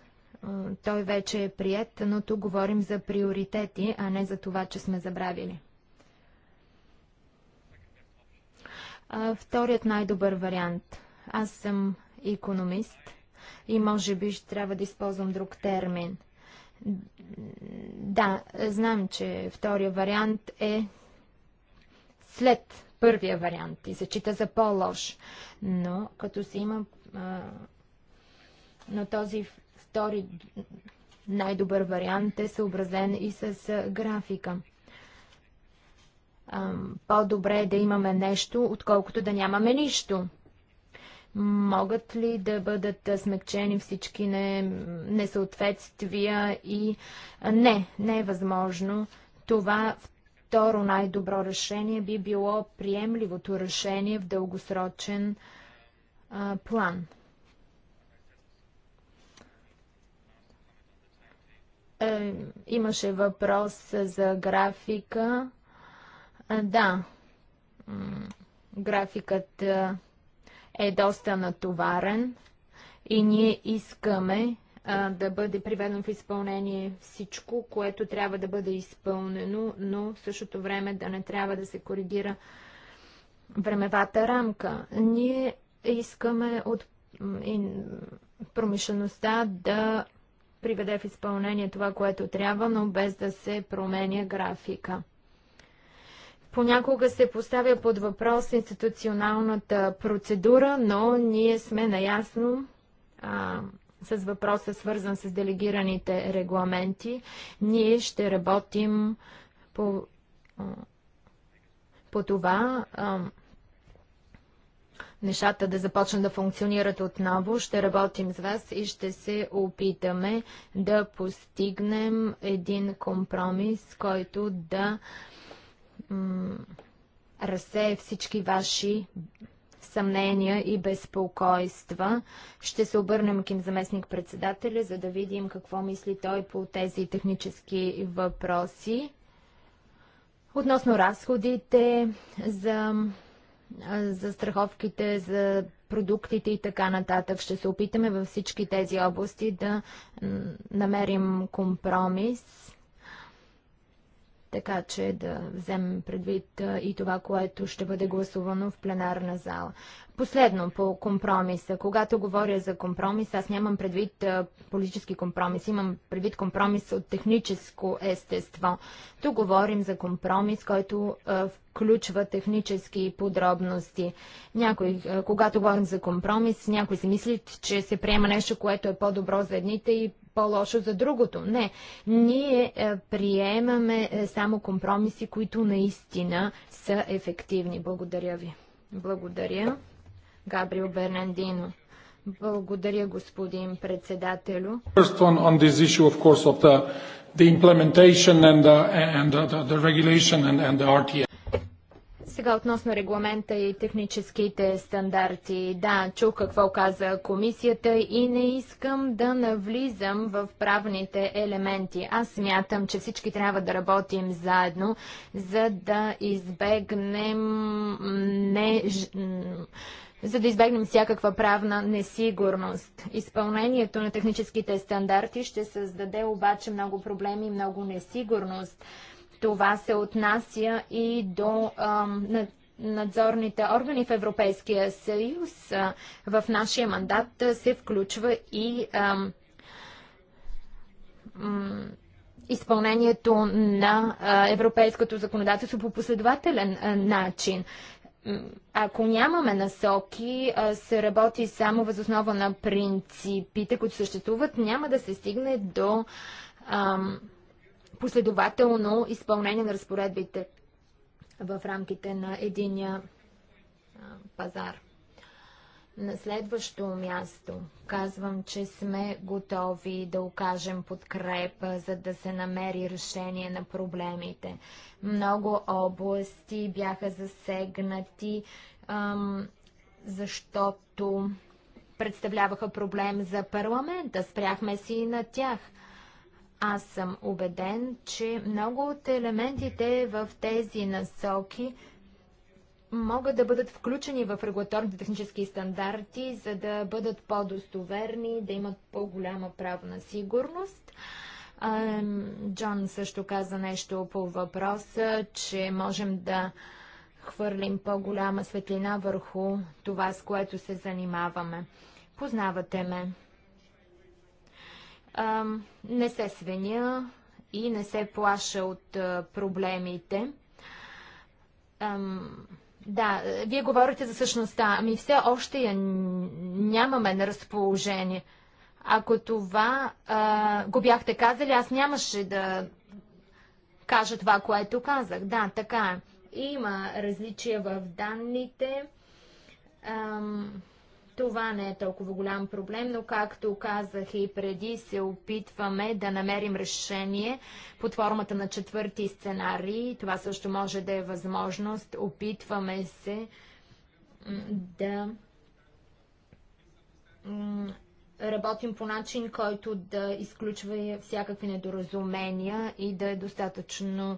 той вече е прият, но тук говорим за приоритети, а не за това, че сме забравили. вторият най-добър вариант. Аз съм економист и може би ще трябва да използвам друг термин. Да, знам, че втория вариант е след първия вариант и се чита за по-лош. Но като се има а, но този втори най-добър вариант е съобразен и с графика по-добре е да имаме нещо, отколкото да нямаме нищо. Могат ли да бъдат смекчени всички не, несъответствия и не, не е възможно. Това второ най-добро решение би било приемливото решение в дългосрочен а, план. Е, имаше въпрос за графика да, графикът е доста натоварен и ние искаме да бъде приведено в изпълнение всичко, което трябва да бъде изпълнено, но в същото време да не трябва да се коригира времевата рамка. Ние искаме от промишлеността да приведе в изпълнение това, което трябва, но без да се променя графика. Понякога се поставя под въпрос институционалната процедура, но ние сме наясно а, с въпроса, свързан с делегираните регламенти. Ние ще работим по, по това. А, нещата да започнат да функционират отново. Ще работим с вас и ще се опитаме да постигнем един компромис, който да а, разсее всички ваши съмнения и безпокойства. Ще се обърнем към заместник председателя, за да видим какво мисли той по тези технически въпроси. Относно разходите за, за страховките, за продуктите и така нататък, ще се опитаме във всички тези области да намерим компромис така че да вземем предвид и това, което ще бъде гласувано в пленарна зала. Последно по компромиса. Когато говоря за компромис, аз нямам предвид политически компромис, имам предвид компромис от техническо естество. Тук говорим за компромис, който включва технически подробности. Някой, когато говорим за компромис, някой си мисли, че се приема нещо, което е по-добро за едните и по-лошо за другото. Не, ние е, приемаме е, само компромиси, които наистина са ефективни. Благодаря ви. Благодаря. Габриел Бернандино. Благодаря, господин председателю. First one on this issue, of course, of the, the implementation and the, and the, the regulation and, and the RTA. Сега относно регламента и техническите стандарти. Да, чух какво каза комисията и не искам да навлизам в правните елементи. Аз смятам, че всички трябва да работим заедно, за да избегнем не за да избегнем всякаква правна несигурност. Изпълнението на техническите стандарти ще създаде обаче много проблеми и много несигурност. Това се отнася и до надзорните органи в Европейския съюз. В нашия мандат се включва и изпълнението на европейското законодателство по последователен начин. Ако нямаме насоки, се работи само възоснова на принципите, които съществуват, няма да се стигне до ам, последователно изпълнение на разпоредбите в рамките на единия пазар. На следващо място казвам, че сме готови да окажем подкрепа, за да се намери решение на проблемите. Много области бяха засегнати, защото представляваха проблем за парламента. Спряхме си и на тях – аз съм убеден, че много от елементите в тези насоки могат да бъдат включени в регулаторните технически стандарти, за да бъдат по-достоверни, да имат по-голяма правна сигурност. Джон също каза нещо по въпроса, че можем да хвърлим по-голяма светлина върху това, с което се занимаваме. Познавате ме не се свеня и не се плаша от проблемите. да, вие говорите за същността. Ами все още я нямаме на разположение. Ако това го бяхте казали, аз нямаше да кажа това, което казах. Да, така е. Има различия в данните. Ам, това не е толкова голям проблем, но както казах и преди, се опитваме да намерим решение под формата на четвърти сценарий. Това също може да е възможност. Опитваме се да работим по начин, който да изключва всякакви недоразумения и да е достатъчно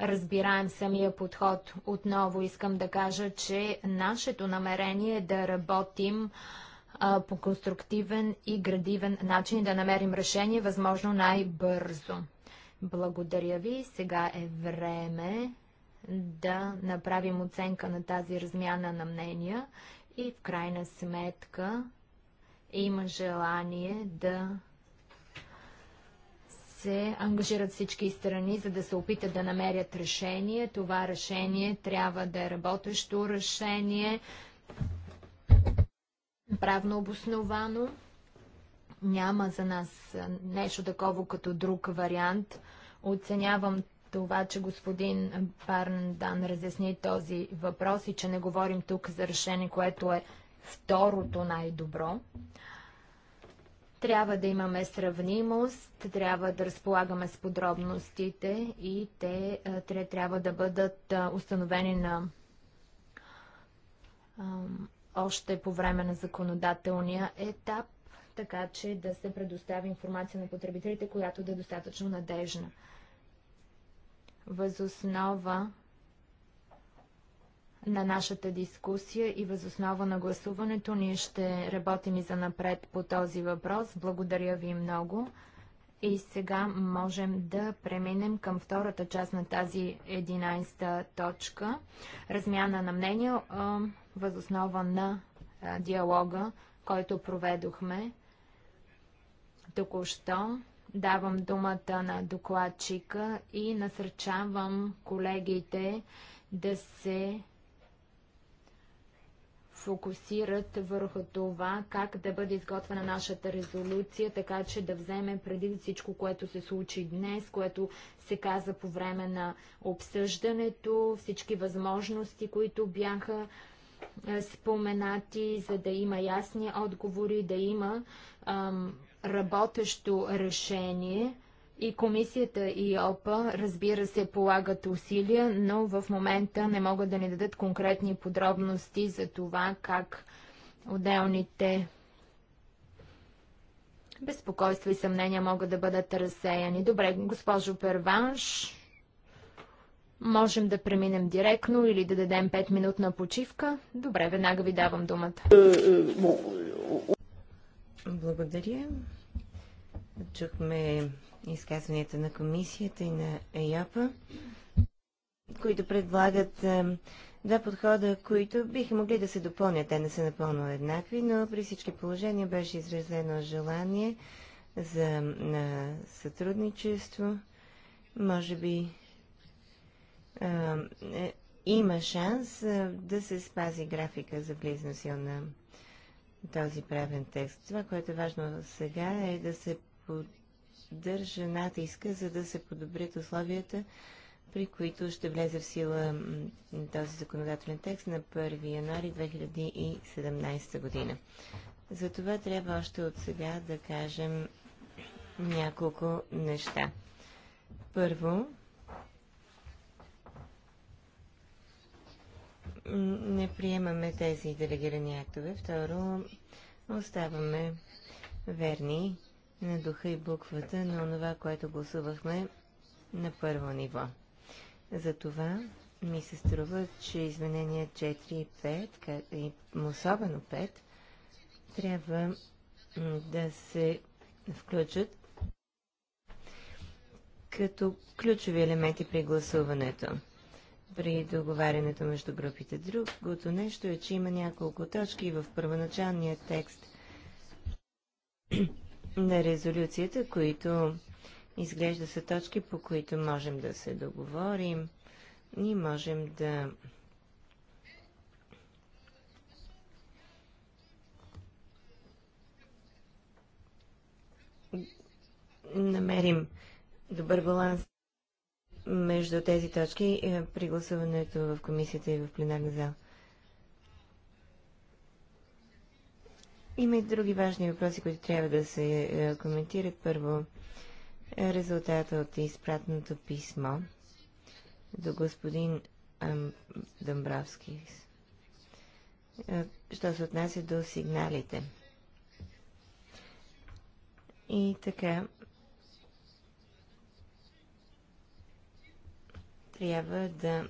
разбираем самия подход. Отново искам да кажа, че нашето намерение е да работим а, по конструктивен и градивен начин и да намерим решение възможно най-бързо. Благодаря ви. Сега е време да направим оценка на тази размяна на мнения и в крайна сметка има желание да се ангажират всички страни, за да се опитат да намерят решение. Това решение трябва да е работещо решение, правно обосновано. Няма за нас нещо такова като друг вариант. Оценявам това, че господин Барндан разясни този въпрос и че не говорим тук за решение, което е второто най-добро. Трябва да имаме сравнимост, трябва да разполагаме с подробностите и те, трябва да бъдат установени на още по време на законодателния етап, така че да се предостави информация на потребителите, която да е достатъчно надежна. Възоснова на нашата дискусия и възоснова на гласуването. Ние ще работим и за напред по този въпрос. Благодаря ви много. И сега можем да преминем към втората част на тази 11-та точка. Размяна на мнение възоснова на диалога, който проведохме току-що. Давам думата на докладчика и насърчавам колегите да се фокусират върху това как да бъде изготвена нашата резолюция, така че да вземе преди всичко, което се случи днес, което се каза по време на обсъждането, всички възможности, които бяха е, споменати, за да има ясни отговори, да има ам, работещо решение. И комисията и ОПА, разбира се, полагат усилия, но в момента не могат да ни дадат конкретни подробности за това как отделните безпокойства и съмнения могат да бъдат разсеяни. Добре, госпожо Перванш, можем да преминем директно или да дадем 5 минутна почивка. Добре, веднага ви давам думата. Благодаря. Чухме изказванията на комисията и на ЕЙОПА, които предлагат е, два подхода, които биха могли да се допълнят. Те не са напълно еднакви, но при всички положения беше изразено желание за на сътрудничество. Може би а, е, е, има шанс а, е, да се спази графика за влизане на този правен текст. Това, което е важно сега е да се под въздържа натиска, за да се подобрят условията, при които ще влезе в сила този законодателен текст на 1 януари 2017 година. За това трябва още от сега да кажем няколко неща. Първо, не приемаме тези делегирани актове. Второ, оставаме верни на духа и буквата на това, което гласувахме на първо ниво. Затова ми се струва, че изменения 4 и 5, и особено 5, трябва да се включат като ключови елементи при гласуването, при договарянето между групите. Другото нещо е, че има няколко точки в първоначалния текст на резолюцията, които изглежда са точки, по които можем да се договорим и можем да намерим добър баланс между тези точки е, при гласуването в комисията и в пленарна зала. Има и други важни въпроси, които трябва да се е, коментират. Първо, е, резултата от изпратното писмо до господин Дъмбравски. Е, що се отнася до сигналите. И така, трябва да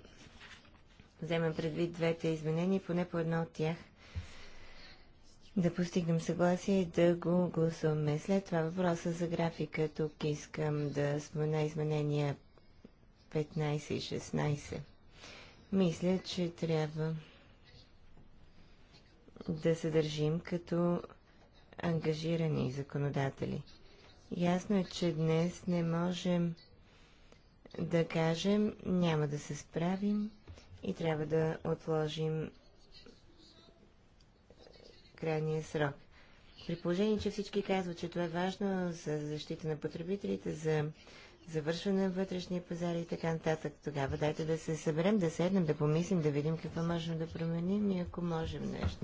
вземем предвид двете изменения, поне по едно от тях – да постигнем съгласие и да го гласуваме. След това въпроса за графика. Тук искам да спомена изменения 15 и 16. Мисля, че трябва да се държим като ангажирани законодатели. Ясно е, че днес не можем да кажем, няма да се справим и трябва да отложим крайния срок. При положение, че всички казват, че това е важно за защита на потребителите, за завършване на вътрешния пазар и така нататък, тогава дайте да се съберем, да седнем, да помислим, да видим какво можем да променим и ако можем нещо.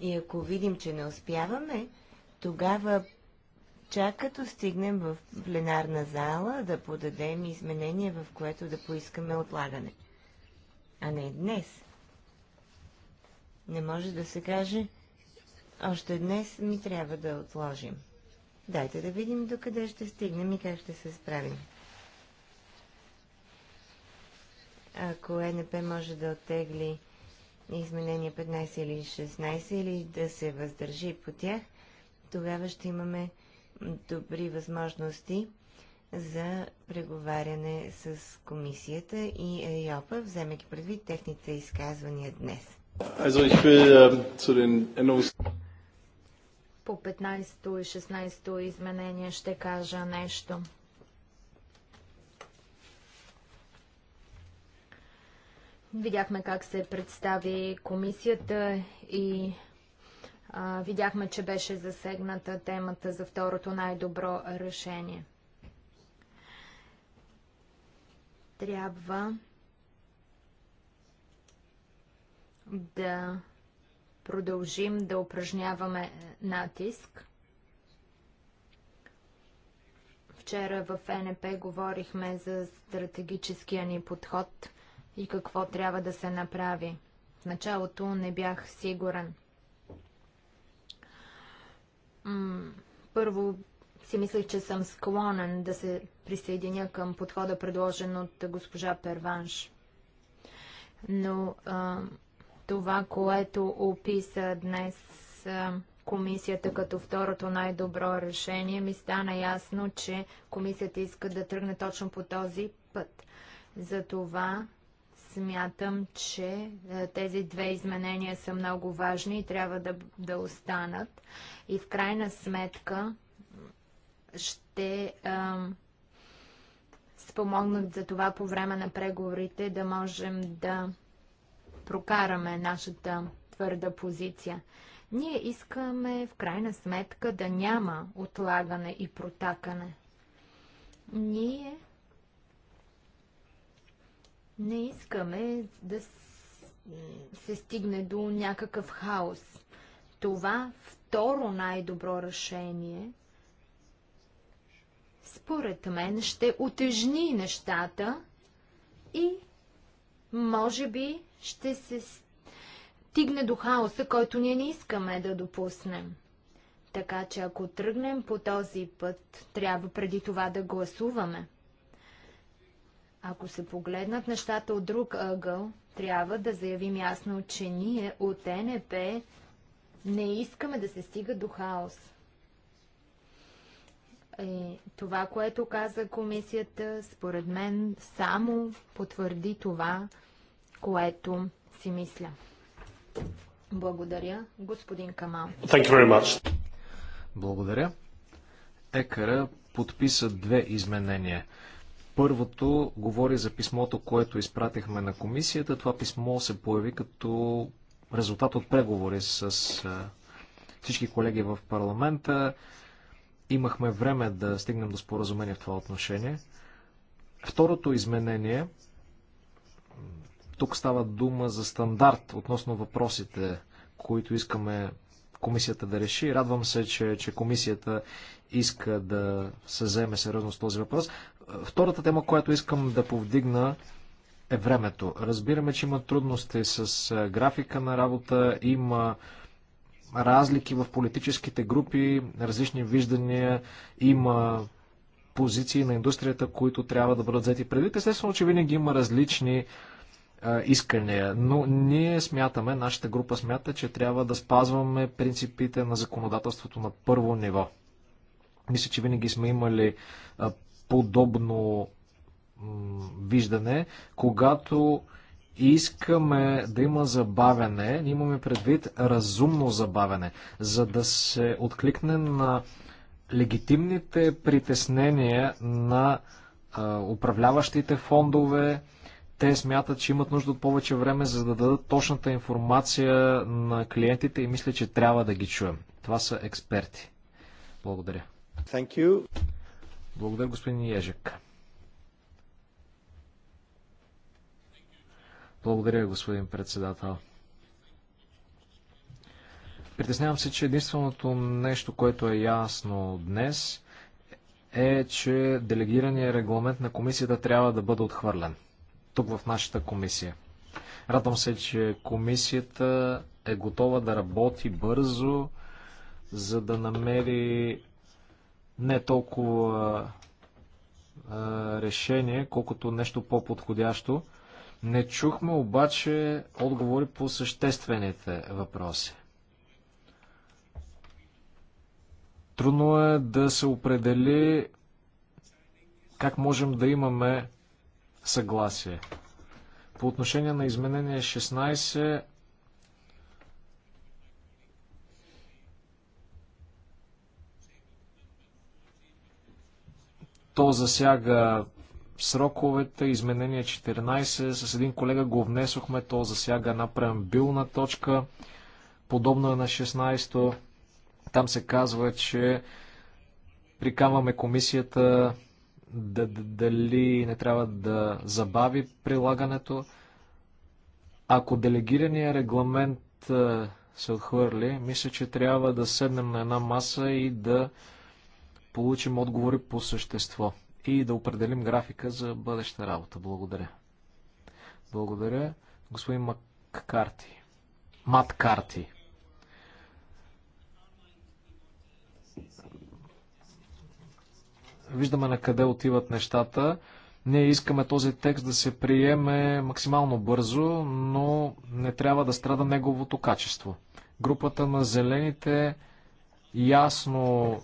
И ако видим, че не успяваме, тогава чак като стигнем в пленарна зала да подадем изменение, в което да поискаме отлагане. А не днес. Не може да се каже, още днес ми трябва да отложим. Дайте да видим докъде ще стигнем и как ще се справим. Ако е НП може да оттегли изменения 15 или 16 или да се въздържи по тях, тогава ще имаме добри възможности за преговаряне с комисията и ЕОПА, вземайки предвид техните изказвания днес. Also ich will ähm, zu den по 15-то и 16-то изменение ще кажа нещо. Видяхме как се представи комисията и а, видяхме, че беше засегната темата за второто най-добро решение. Трябва да продължим да упражняваме натиск. Вчера в НП говорихме за стратегическия ни подход и какво трябва да се направи. В началото не бях сигурен. Първо си мислех, че съм склонен да се присъединя към подхода, предложен от госпожа Перванш. Но а, това, което описа днес комисията като второто най-добро решение, ми стана ясно, че комисията иска да тръгне точно по този път. Затова смятам, че тези две изменения са много важни и трябва да, да останат. И в крайна сметка ще а, спомогнат за това по време на преговорите да можем да прокараме нашата твърда позиция. Ние искаме в крайна сметка да няма отлагане и протакане. Ние не искаме да се стигне до някакъв хаос. Това второ най-добро решение, според мен, ще отежни нещата и, може би, ще се стигне до хаоса, който ние не искаме да допуснем. Така че ако тръгнем по този път, трябва преди това да гласуваме. Ако се погледнат нещата от друг ъгъл, трябва да заявим ясно, че ние от НП не искаме да се стига до хаос. И е, това, което каза комисията, според мен само потвърди това, което си мисля. Благодаря, господин Камал. Thank you very much. Благодаря. Екара подписа две изменения. Първото говори за писмото, което изпратихме на комисията. Това писмо се появи като резултат от преговори с всички колеги в парламента. Имахме време да стигнем до споразумение в това отношение. Второто изменение – тук става дума за стандарт относно въпросите, които искаме комисията да реши. Радвам се, че, че комисията иска да се вземе сериозно с този въпрос. Втората тема, която искам да повдигна е времето. Разбираме, че има трудности с графика на работа, има разлики в политическите групи, различни виждания, има позиции на индустрията, които трябва да бъдат взети предвид. Естествено, че винаги има различни искания, но ние смятаме, нашата група смята, че трябва да спазваме принципите на законодателството на първо ниво. Мисля, че винаги сме имали подобно виждане, когато искаме да има забавене, ние имаме предвид разумно забавене, за да се откликне на легитимните притеснения на управляващите фондове, те смятат, че имат нужда от повече време, за да дадат точната информация на клиентите и мисля, че трябва да ги чуем. Това са експерти. Благодаря. Thank you. Благодаря, господин Ежек. Благодаря, господин председател. Притеснявам се, че единственото нещо, което е ясно днес, е, че делегираният регламент на комисията трябва да бъде отхвърлен тук в нашата комисия. Радвам се, че комисията е готова да работи бързо, за да намери не толкова решение, колкото нещо по-подходящо. Не чухме обаче отговори по съществените въпроси. Трудно е да се определи как можем да имаме съгласие. По отношение на изменение 16, то засяга сроковете, изменение 14. С един колега го внесохме, то засяга една преамбилна точка, подобно е на 16. Там се казва, че прикамваме комисията дали не трябва да забави прилагането. Ако делегирания регламент се отхвърли, мисля, че трябва да седнем на една маса и да получим отговори по същество и да определим графика за бъдеща работа. Благодаря. Благодаря, господин Маккарти. Маткарти. Виждаме на къде отиват нещата. Ние искаме този текст да се приеме максимално бързо, но не трябва да страда неговото качество. Групата на зелените ясно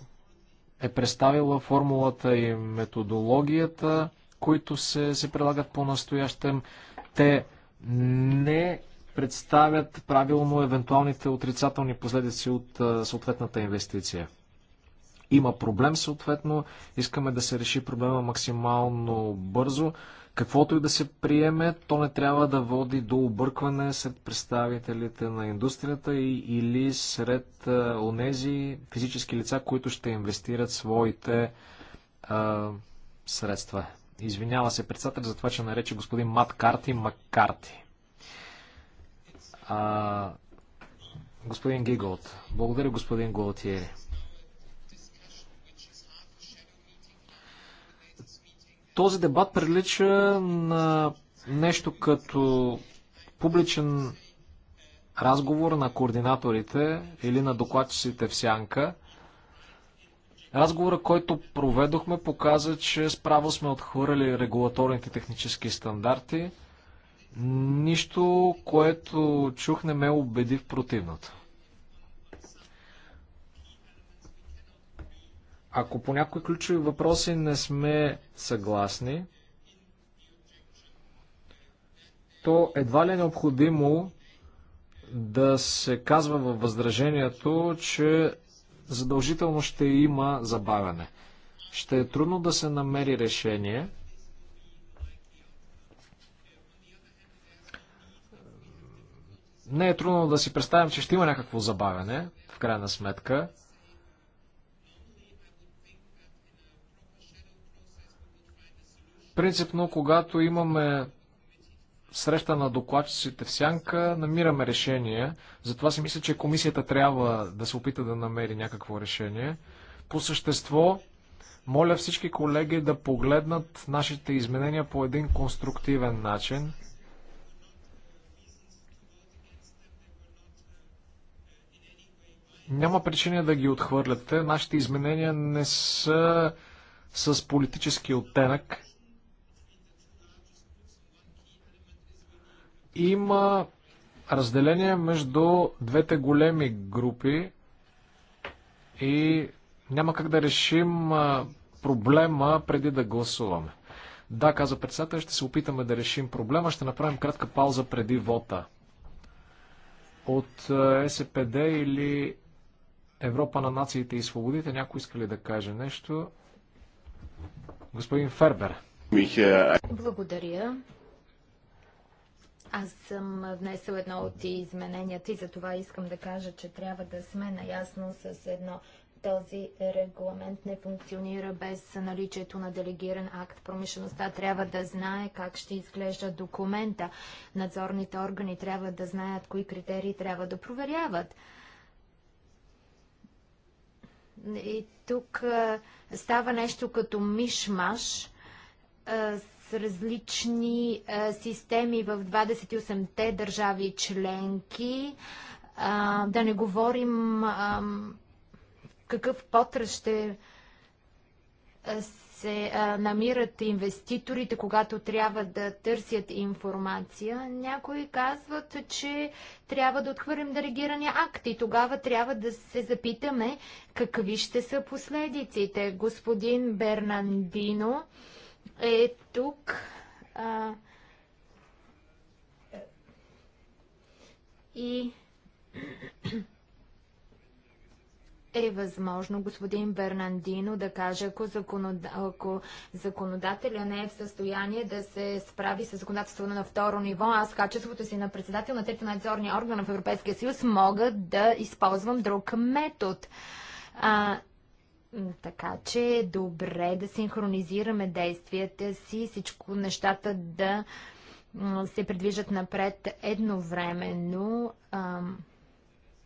е представила формулата и методологията, които се, се прилагат по-настоящем. Те не представят правилно евентуалните отрицателни последици от съответната инвестиция. Има проблем съответно, искаме да се реши проблема максимално бързо. Каквото и да се приеме, то не трябва да води до объркване сред представителите на индустрията и, или сред онези физически лица, които ще инвестират своите а, средства. Извинява се председател за това, че нарече господин Мат Карти Маккарти. А, господин Гиголт. Благодаря, господин Голтиери. Този дебат прилича на нещо като публичен разговор на координаторите или на докладчиците в сянка. Разговора, който проведохме, показа, че справо сме отхвърли регулаторните технически стандарти. Нищо, което чух, не ме убеди в противното. Ако по някои ключови въпроси не сме съгласни, то едва ли е необходимо да се казва във възражението, че задължително ще има забавяне. Ще е трудно да се намери решение. Не е трудно да си представим, че ще има някакво забавяне, в крайна сметка. Принципно, когато имаме среща на докладчиците в сянка, намираме решение. Затова си мисля, че комисията трябва да се опита да намери някакво решение. По същество, моля всички колеги да погледнат нашите изменения по един конструктивен начин. Няма причина да ги отхвърляте. Нашите изменения не са с политически оттенък. Има разделение между двете големи групи и няма как да решим проблема преди да гласуваме. Да, каза председател, ще се опитаме да решим проблема. Ще направим кратка пауза преди вота. От СПД или Европа на нациите и свободите, някой иска ли да каже нещо? Господин Фербер. Благодаря. Аз съм внесъл едно от измененията и за това искам да кажа, че трябва да сме наясно с едно. Този регламент не функционира без наличието на делегиран акт. Промишлеността трябва да знае как ще изглежда документа. Надзорните органи трябва да знаят кои критерии трябва да проверяват. И тук а, става нещо като мишмаш с различни а, системи в 28-те държави членки. А, да не говорим а, какъв потръж ще се а, намират инвеститорите, когато трябва да търсят информация. Някои казват, че трябва да отхвърлим делегирания акт и тогава трябва да се запитаме какви ще са последиците. Господин Бернандино е тук. А, и е възможно господин Бернандино да каже, ако, законод... ако законодателя не е в състояние да се справи с законодателството на второ ниво, аз качеството си на председател на трети надзорния орган в Европейския съюз мога да използвам друг метод. А, така че е добре да синхронизираме действията си, всичко нещата да се придвижат напред едновременно ам,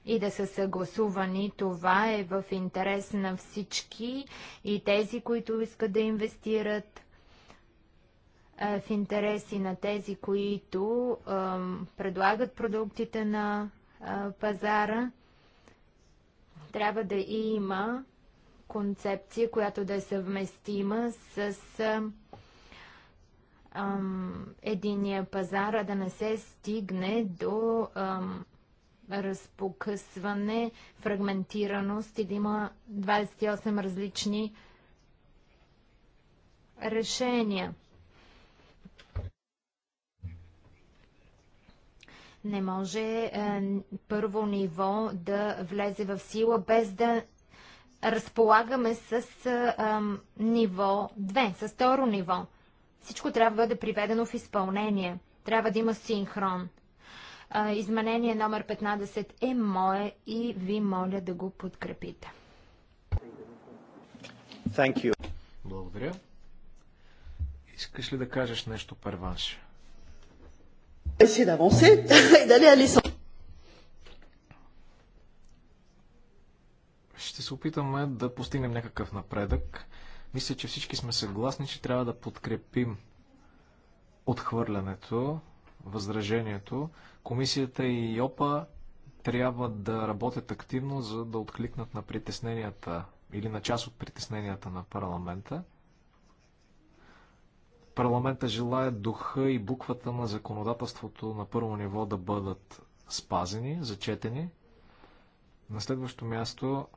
и да са съгласувани. Това е в интерес на всички и тези, които искат да инвестират, в интереси на тези, които ам, предлагат продуктите на а, пазара. Трябва да има концепция, която да е съвместима с ам, единия пазар, а да не се стигне до ам, разпокъсване, фрагментираност и да има 28 различни решения. Не може е, първо ниво да влезе в сила без да разполагаме с а, ниво 2, с второ ниво. Всичко трябва да бъде приведено в изпълнение. Трябва да има синхрон. А, изменение номер 15 е мое и ви моля да го подкрепите. Thank you. Благодаря. Искаш ли да кажеш нещо, Перванш? Essayer да et d'aller à l'essentiel. Ще се опитаме да постигнем някакъв напредък. Мисля, че всички сме съгласни, че трябва да подкрепим отхвърлянето, възражението. Комисията и ЙОПА трябва да работят активно, за да откликнат на притесненията или на част от притесненията на парламента. Парламента желая духа и буквата на законодателството на първо ниво да бъдат спазени, зачетени. На следващо място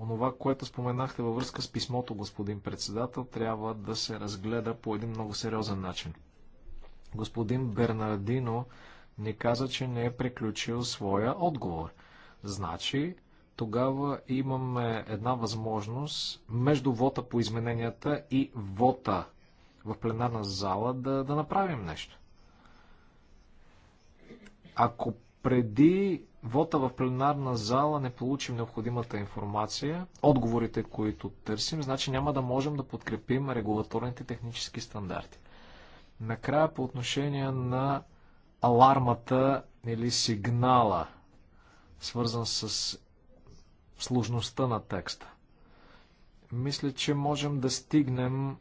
Онова, което споменахте във връзка с писмото, господин председател, трябва да се разгледа по един много сериозен начин. Господин Бернардино ни каза, че не е приключил своя отговор. Значи, тогава имаме една възможност между вота по измененията и вота в пленарна зала да, да направим нещо. Ако преди вота в пленарна зала не получим необходимата информация, отговорите, които търсим, значи няма да можем да подкрепим регулаторните технически стандарти. Накрая по отношение на алармата или сигнала, свързан с сложността на текста. Мисля, че можем да стигнем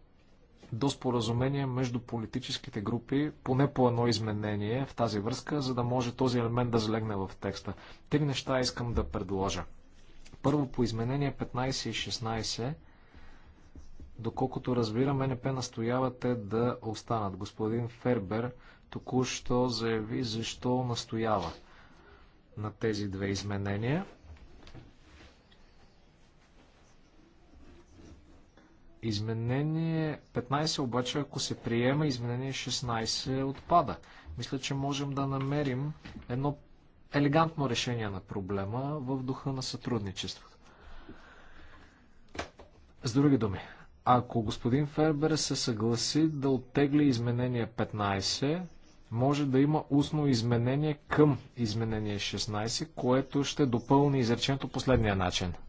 до споразумение между политическите групи, поне по едно изменение в тази връзка, за да може този елемент да залегне в текста. Три неща искам да предложа. Първо по изменение 15 и 16, доколкото разбирам, НП настоявате да останат. Господин Фербер току-що заяви защо настоява на тези две изменения – Изменение 15 обаче, ако се приема, изменение 16 отпада. Мисля, че можем да намерим едно елегантно решение на проблема в духа на сътрудничеството. С други думи, ако господин Фербер се съгласи да оттегли изменение 15, може да има устно изменение към изменение 16, което ще допълни изречението последния начин –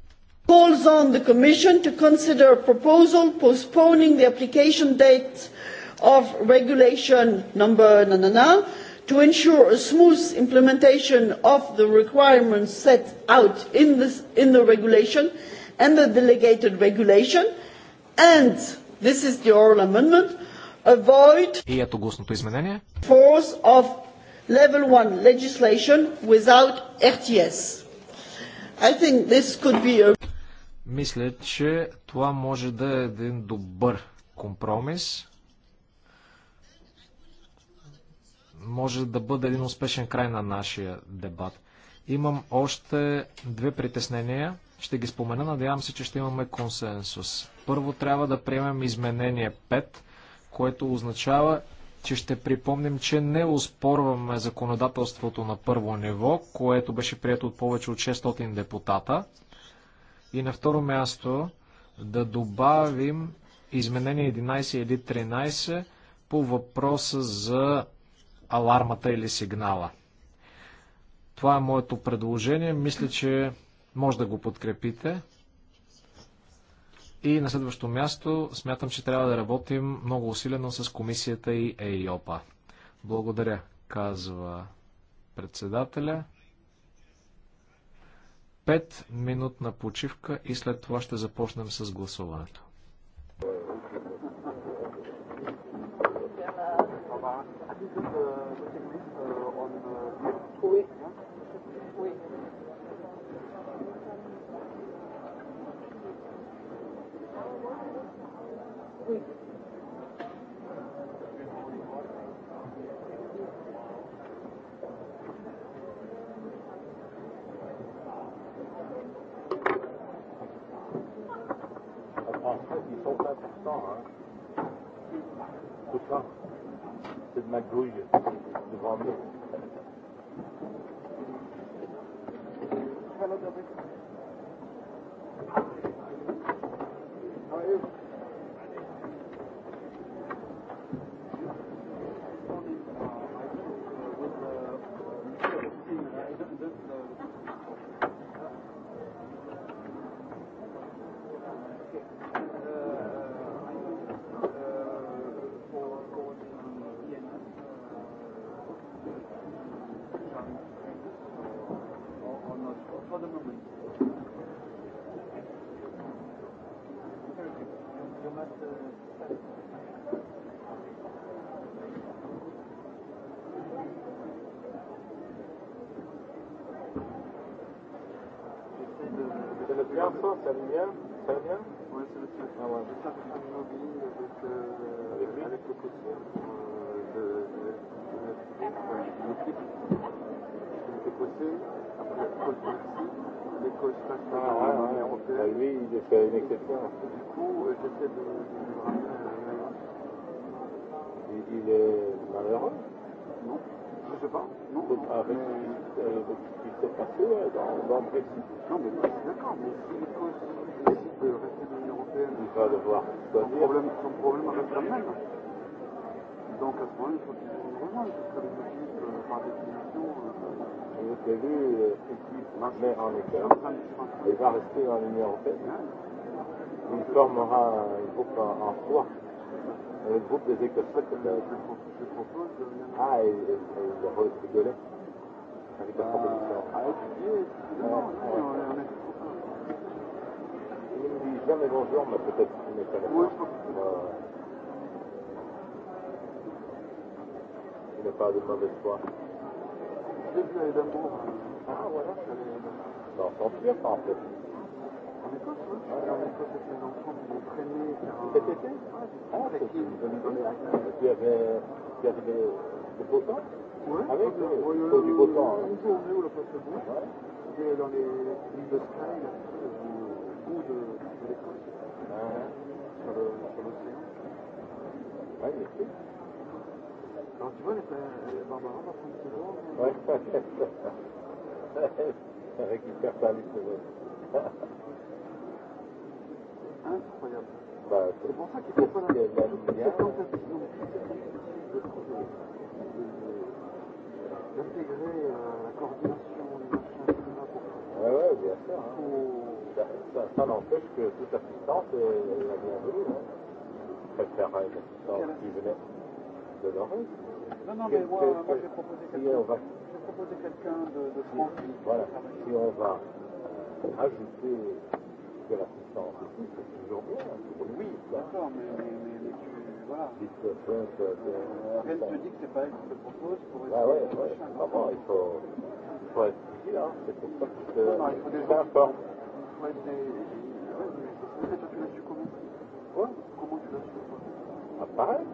calls on the Commission to consider a proposal postponing the application date of regulation number na, na, na, to ensure a smooth implementation of the requirements set out in, this, in the regulation and the delegated regulation and this is the oral amendment avoid force of level 1 legislation without RTS. I think this could be a мисля, че това може да е един добър компромис. Може да бъде един успешен край на нашия дебат. Имам още две притеснения. Ще ги спомена. Надявам се, че ще имаме консенсус. Първо трябва да приемем изменение 5, което означава, че ще припомним, че не успорваме законодателството на първо ниво, което беше прието от повече от 600 депутата. И на второ място да добавим изменение 11 или 13 по въпроса за алармата или сигнала. Това е моето предложение. Мисля, че може да го подкрепите. И на следващо място смятам, че трябва да работим много усилено с комисията и ЕИОПА. Благодаря, казва председателя. 5 минутна почивка и след това ще започнем с гласуването. de faire une exception. Il, il est malheureux Non, je ne sais pas. Non, Donc, non, avec mais... euh, ce qui s'est passé dans, dans le Brexit. Non, mais d'accord, mais s'il décide de rester dans l'Union Européenne, il va devoir son problème, son problème reste le même. Donc à ce moment-là, il faut qu'il rejoigne, parce que les objectifs, par définition, Et vous avez vu, mais en écœur, il va rester en lumière en fait. Il formera un groupe en, en soi, le groupe des Écossais. Ah, et, et, et rigoler avec la proposition. Il ne dit jamais bonjour, mais peut-être qu'il n'est pas là. Il n'a pas de mauvaise foi. Dans son pire, en fait. En Écosse, oui. En Écosse, c'était un enfant qui est traîné vers... Cet été Ah, c'est une bonne idée. Qui avait... Qui avait des... des temps Ouais. Avec le... Ouais, du beau temps. Une journée où la place est bonne. Ouais. C'était dans les îles de Skye, là, au bout de, de l'Écosse. Ouais. Sur l'océan. Ouais, merci. Alors tu vois, les barbares par contre. ce jour. Ouais, ça récupère pas vite le Incroyable. Bah, c'est pour ça qu'il faut pas la d'intégrer la coordination Ouais, ouais, bien sûr. Hein. Ça, ça n'empêche que toute assistance est la bienvenue. Hein. Je préfère une assistance qui venait de l'Orient. Non, non, mais moi, moi j'ai proposé quelqu'un. J'ai quelqu quelqu'un de, de France. Si, voilà, si on va euh, ajouter de l'assistance ici, c'est toujours bien. Oui, d'accord, mais, mais, mais, mais tu. Voilà. Rien ne te dit que c'est pas elle qui te propose pour essayer ah ouais, ouais, ouais, machin. il faut, il faut être ici, là. c'est pour ça que tu Non, non, il faut des gens. Il faut être des. Ouais, mais toi, tu l'as su comment Quoi Comment tu l'as su Ah, pareil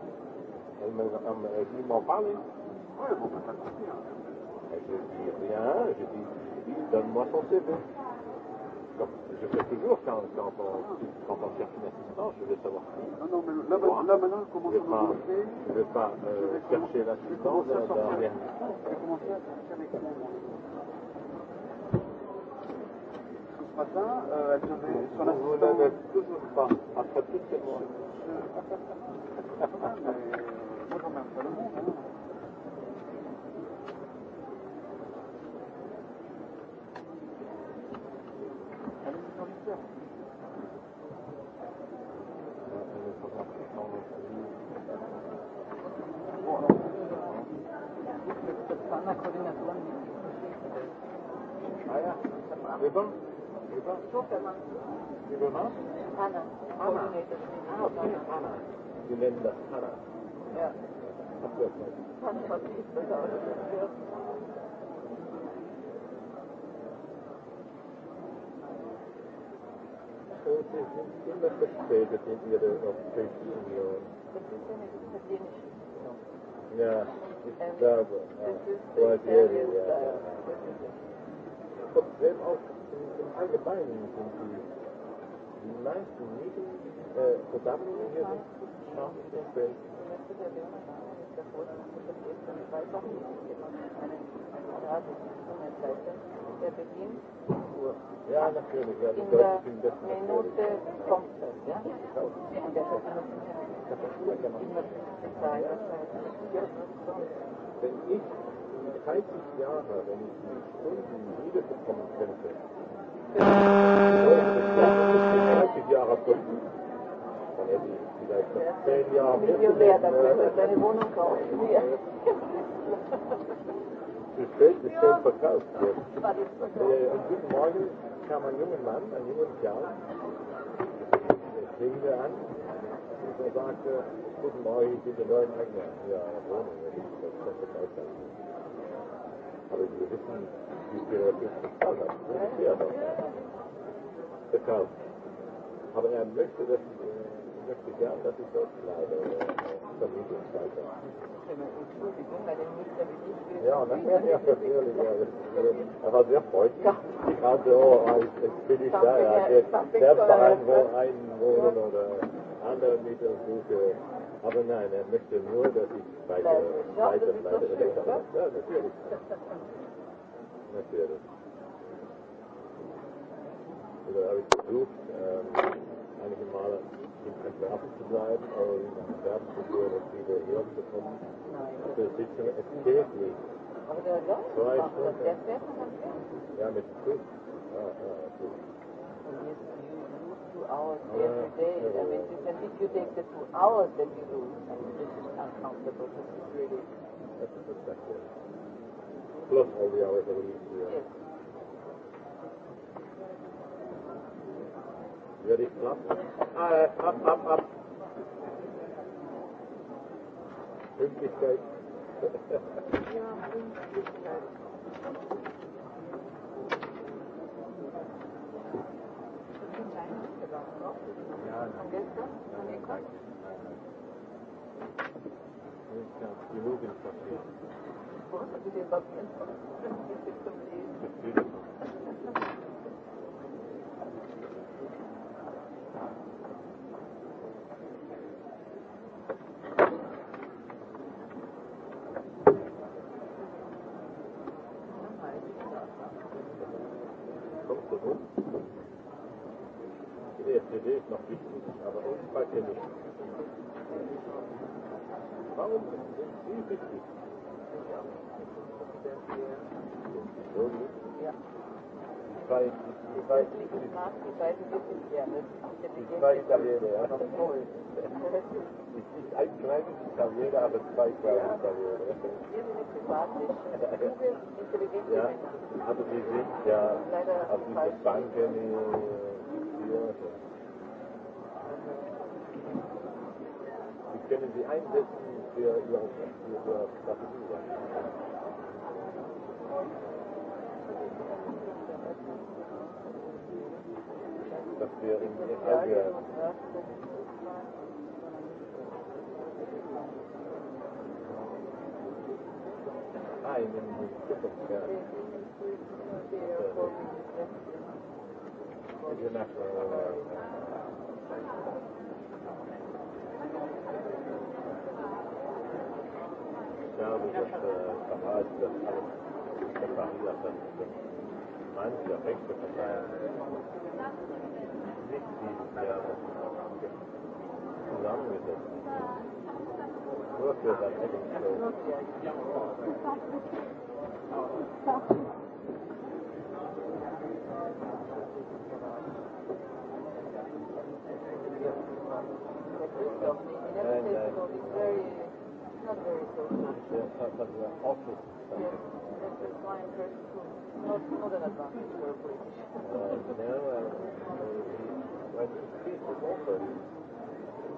il m'en parle. Ja, vous Je dis rien, je dis, donne-moi son CV. je fais toujours quand, quand, on, quand on cherche une assistance, je vais savoir qui. Non, non, mais là, là maintenant, je commence à Je ne vais pas euh, chercher l'assistance d'un Je vais commencer à sortir avec moi. ce matin, euh, elle devait sur assistant. Vous ne toujours pas, après toutes ces mois. Je... Anna. Anna. Anna. You named that Anna. Sie sind immer verspätet in Ihrer Opinion. Das ist eine italienische Ja, ich glaube. Ja. Ja, ja, ja. Trotzdem auch im Allgemeinen sind die, die meisten Mieten äh, zusammen hier sind, schaffen, der beginnt Ja, natürlich, ja, in der Minute kommt das, ja? Wenn ich 30 Jahre, wenn ich mit Stunden wiederbekommen könnte, 30 Jahre Stunden, dann hätte ich vielleicht noch zehn Jahre. Deine Wohnung kaufen wir. Zu spät ist schon verkauft jetzt. Am guten Morgen kam ein junger Mann, ein junger Kerl, der klingelte an und er sagte, guten Morgen, ich bin der neue Eigner Ihrer Wohnung, wenn ich das schon verkauft Aber Sie wissen, wie viel er für bezahlt hat. Das ist ja noch. Verkauft. Aber er möchte, dass ich ja, das ist auch Ja, natürlich, ja, Er war sehr freundlich. Also, jetzt bin ich da, er hat jetzt selbst einen Wohnen oder andere Mietersuche. Aber nein, er möchte nur, dass ich weiter, weiter bleibe. Ja, natürlich. Natürlich. Oder habe ich versucht, ähm, einige Male you, lose two hours yeah, every day. I mean, if you take the two hours that you lose, I mean, this is uncomfortable. really. That's a Plus all the hours that we need to. yes. Ready Uh ich up, up, ab, ab. Pünktlichkeit. Ja, Pünktlichkeit. Von gestern? Von gestern? Die Logik passiert. Was? Die Logik passiert. Das ist zum Lesen. Schreiben kann jeder, aber zwei Schreiben kann jeder. Ja, also die sind ja auf diese Banken hier. Die können sie einsetzen für ihre, für ihre Strategie. Dass wir in Auge А, именно. Е наша... Zusammengesetzt.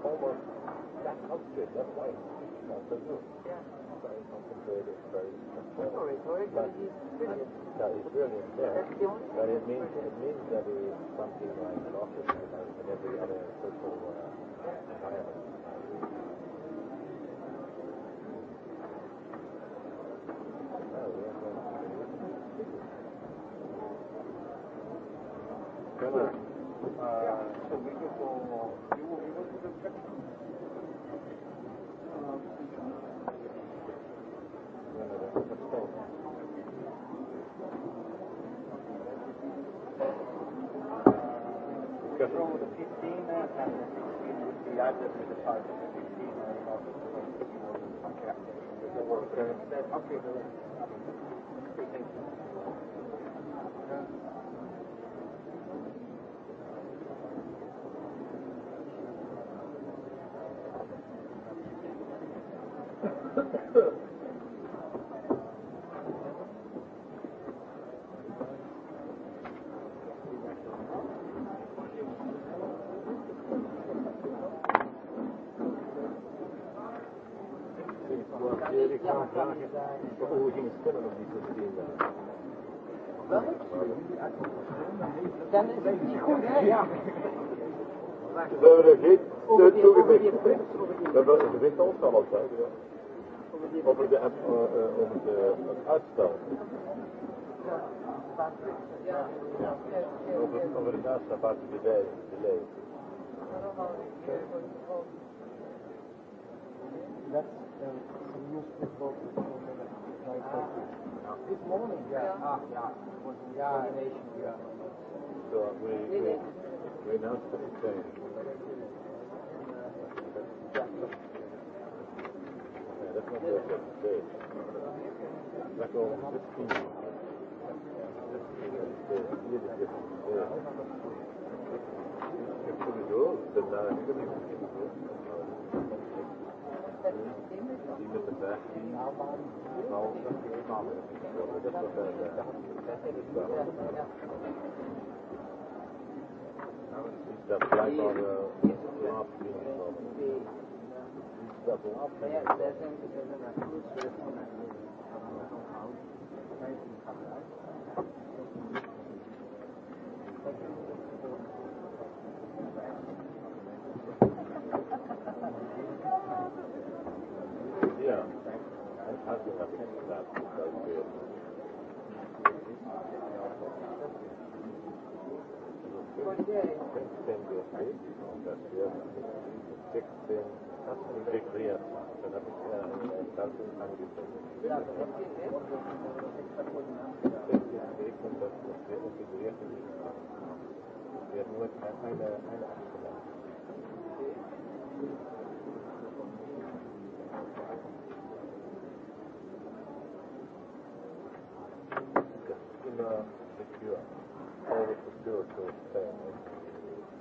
Almost that culture, that's why it's you know, so good. Very concentrated, very controlled. But, no, it's brilliant, yeah. But it means, it means that it's something like an office, like every other social uh, environment. that okay. dan is het niet goed, hè? Ja. Ze hebben er geen steun toegezegd. Ze hebben gezegd ons al wat, Over de, over de, het uitstel. Ja. Over, over het uitstel van de delay. That's uh, some news people This morning, yeah. Ah, yeah. yeah. coordination, yeah so we, we, we not sustain. Yeah, that's not да, това е Thank you. dass wir mit 16 integriert waren. Dann habe ich mir eine Entlassung angemeldet. Wir haben nur eine, eine abgelassen. Das ist immer secure. Always secure to stay.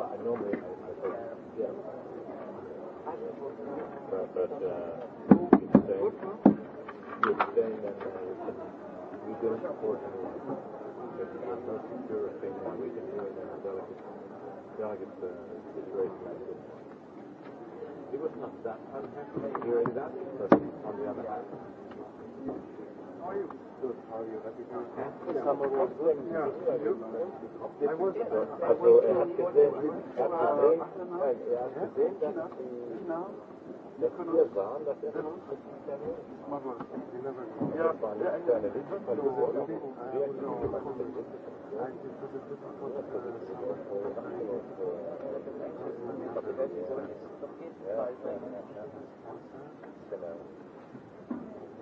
But I normally I, I take yeah. But, but uh, you stay, you stay and uh, we don't support anyone. It's the most secure thing that we can do in a delicate, delicate uh, situation like this. He was not that unhappy hearing that, but on the other hand are you? Good. How are you? Also, er hat gesehen, er hat gesehen, er hat gesehen, dass wir dass er war nicht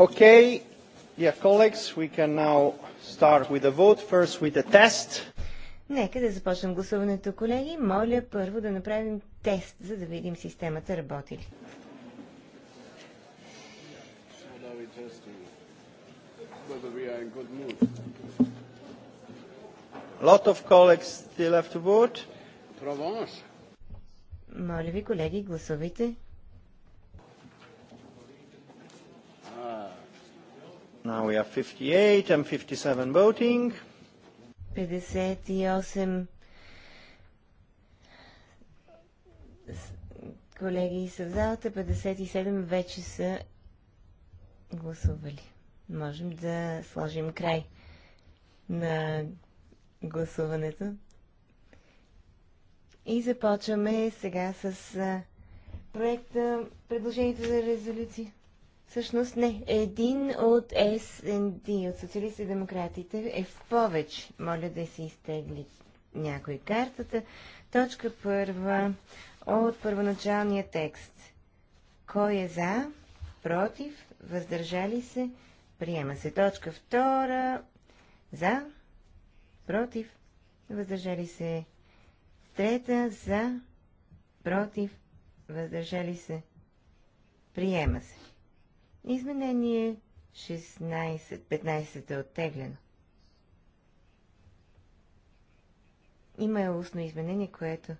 Okay, yeah, colleagues, we can now start with the vote, first with the test. Нека да започнем гласуването, колеги. Моля първо да направим тест, за да видим системата работи ли. Lot of colleagues still have to vote. Моля ви, колеги, гласувайте. Now we have 58 and 57 voting. 58 колеги са в залата, 57 вече са гласували. Можем да сложим край на гласуването. И започваме сега с проекта предложението за резолюция. Всъщност не. Един от СНД, от социалисти и демократите, е в повече. Моля да се изтегли някой картата. Точка първа от първоначалния текст. Кой е за? Против? Въздържали се? Приема се. Точка втора. За? Против? Въздържали се? Трета. За? Против? Въздържали се? Приема се. Изменение 16, 15 е оттеглено. Има е устно изменение, което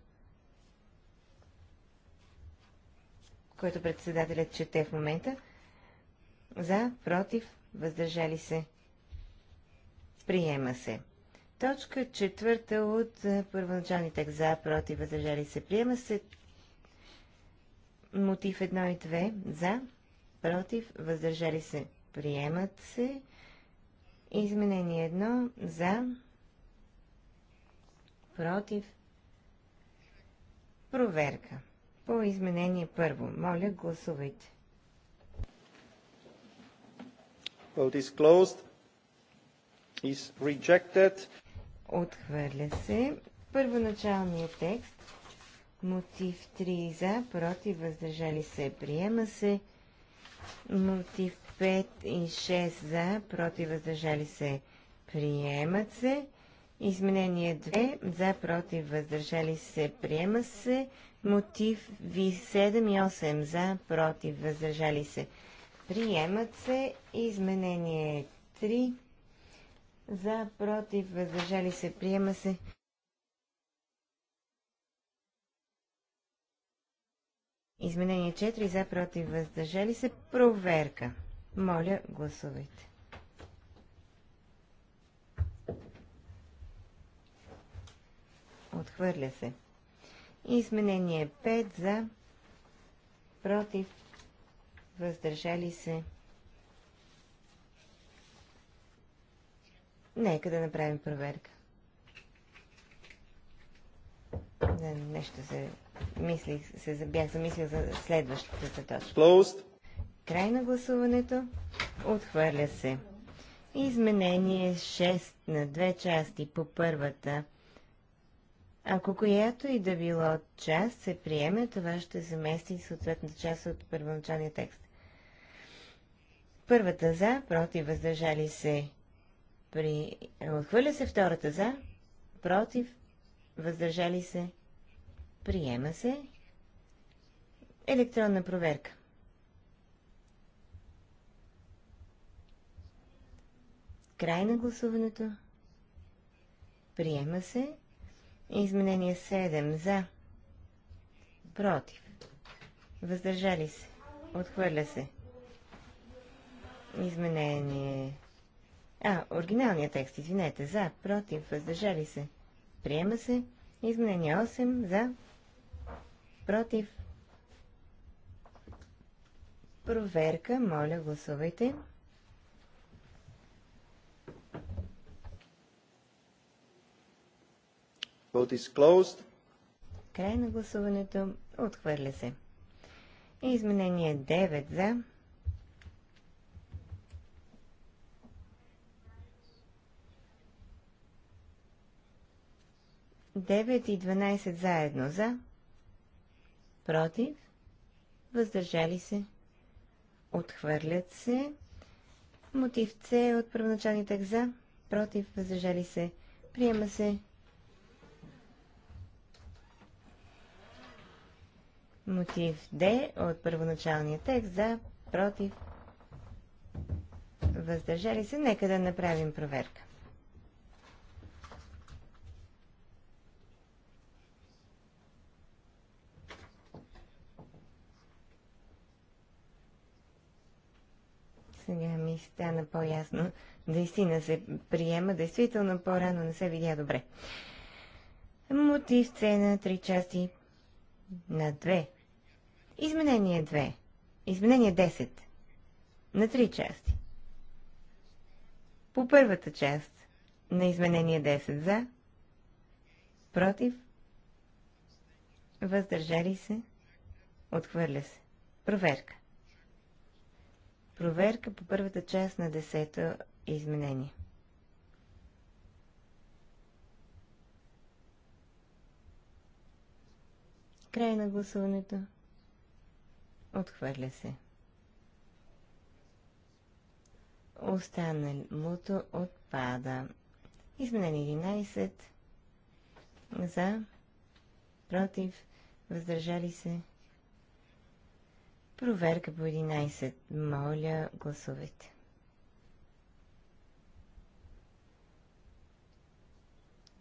което председателят чете в момента. За, против, въздържали се. Приема се. Точка четвърта от е, първоначалния текст за, против, въздържали се. Приема се. Мотив 1 и 2. За, против, въздържали се, приемат се. Изменение 1 за, против, проверка. По изменение първо, моля гласувайте. Vote is closed. Is rejected. Отхвърля се. Първоначалният текст. Мотив 3 за, против, въздържали се, приема се. Мотив 5 и 6 за, против, въздържали се, приемат се. Изменение 2 за, против, въздържали се, приема се. Мотив v 7 и 8 за, против, въздържали се, приемат се. Изменение 3 за, против, въздържали се, приема се. Изменение 4 за против въздържали се. Проверка. Моля, гласувайте. Отхвърля се. Изменение 5 за против въздържали се. Нека да направим проверка. Да, нещо се мислих, се бях замислил за следващата точка. Closed. Край на гласуването. Отхвърля се. Изменение 6 на две части по първата. Ако която и да било част се приеме, това ще замести съответната част от първоначалния текст. Първата за, против, въздържали се. При... Отхвърля се втората за, против, въздържали се. Приема се. Електронна проверка. Край на гласуването. Приема се. Изменение 7 за. Против. Въздържали се. Отхвърля се. Изменение. А, оригиналният текст, извинете, за, против, въздържали се. Приема се. Изменение 8 за, против. Проверка, моля гласувайте. Vote is closed. Край на гласуването. Отхвърля се. изменение 9 за. Девет и дванайсет заедно за против, въздържали се, отхвърлят се. Мотив С от първоначалния текст за, против, въздържали се, приема се. Мотив Д от първоначалния текст за, против, въздържали се. Нека да направим проверка. стана по-ясно. Наистина се приема, действително по-рано не се видя добре. Мотив сцена, на 3 части на 2. Изменение две. Изменение 10. На три части. По първата част на изменение 10 за, против, въздържали се, отхвърля се. Проверка. Проверка по първата част на десето изменение. Край на гласуването. Отхвърля се. Останалото отпада. Изменение 11. За. Против. Въздържали се. Проверка по 11. Моля, гласувайте.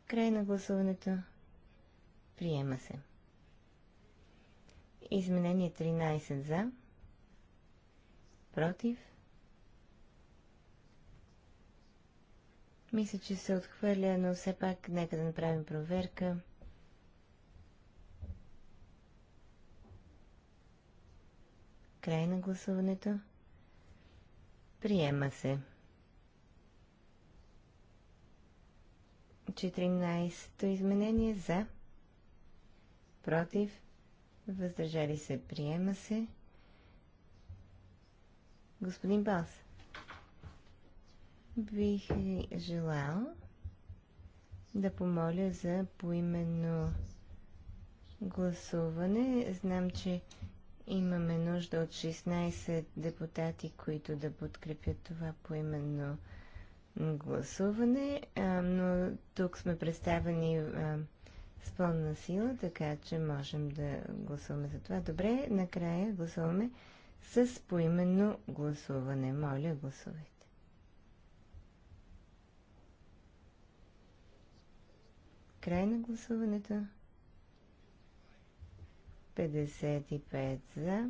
Край на гласуването. Приема се. Изменение 13 за. Против. Мисля, че се отхвърля, но все пак нека да направим проверка. Край на гласуването. Приема се. 14-то изменение за. Против. Въздържали се. Приема се. Господин Бас, бих е желал да помоля за поименно гласуване. Знам, че Имаме нужда от 16 депутати, които да подкрепят това поименно гласуване, но тук сме представени с пълна сила, така че можем да гласуваме за това. Добре, накрая гласуваме с поименно гласуване. Моля, гласувайте. Край на гласуването. 55 за.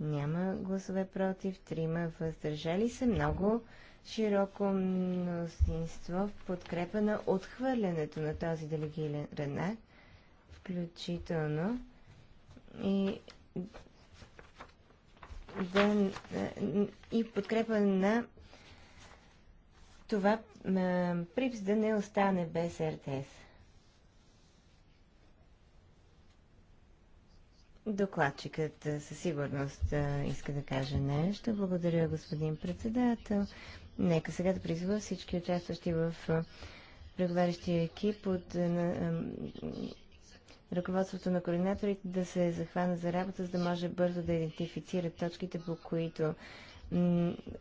Няма гласове против. Трима въздържали се. Много широко мнозинство в подкрепа на отхвърлянето на този делегиран акт, включително и да, и подкрепа на това ПРИПС да не остане без РТС. Докладчикът е, със сигурност е, иска да каже нещо. Благодаря, господин председател. Нека сега да призва всички участващи в е, преговарящия екип от на, ръководството на координаторите да се захвана за работа, за да може бързо да идентифицират точките, по които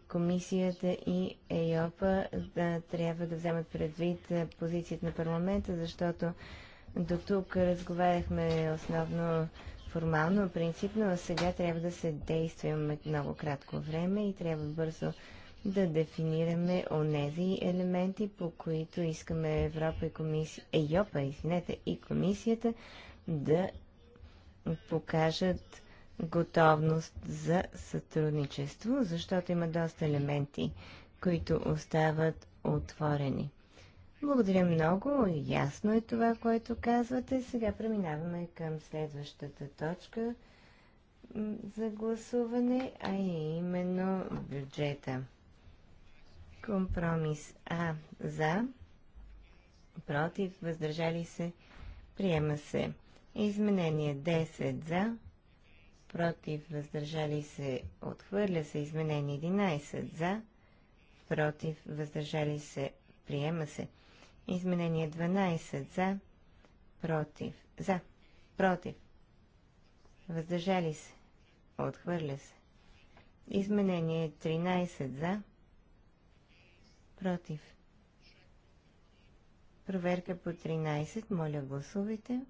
комисията и ЕЙОПА да, трябва да вземат предвид позицията на парламента, защото до тук разговаряхме основно формално, принципно, а сега трябва да се действа. Имаме много кратко време и трябва бързо да дефинираме онези елементи, по които искаме Европа и комисията ЕЙОПА, извинете, и комисията да покажат готовност за сътрудничество, защото има доста елементи, които остават отворени. Благодаря много. Ясно е това, което казвате. Сега преминаваме към следващата точка за гласуване, а е именно бюджета. Компромис А за, против, въздържали се, приема се. Изменение 10 за, против, въздържали се, отхвърля се. Изменение 11 за, против, въздържали се, приема се. Изменение 12 за, против, за, против, въздържали се, отхвърля се. Изменение 13 за, против. Проверка по 13, моля гласувайте.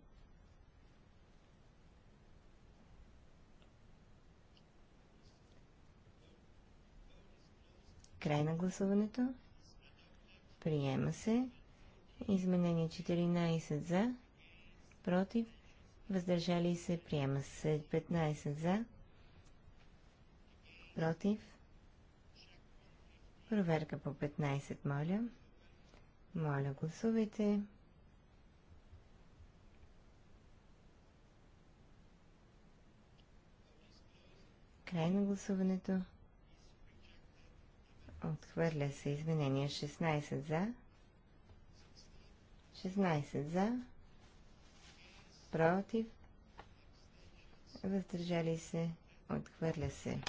Край на гласуването. Приема се. Изменение 14 за, против, въздържали се, приема се 15 за, против. Проверка по 15, моля. Моля, гласувайте. Край на гласуването. Отхвърля се изменение 16 за, 16 за, против, въздържали се, отхвърля се.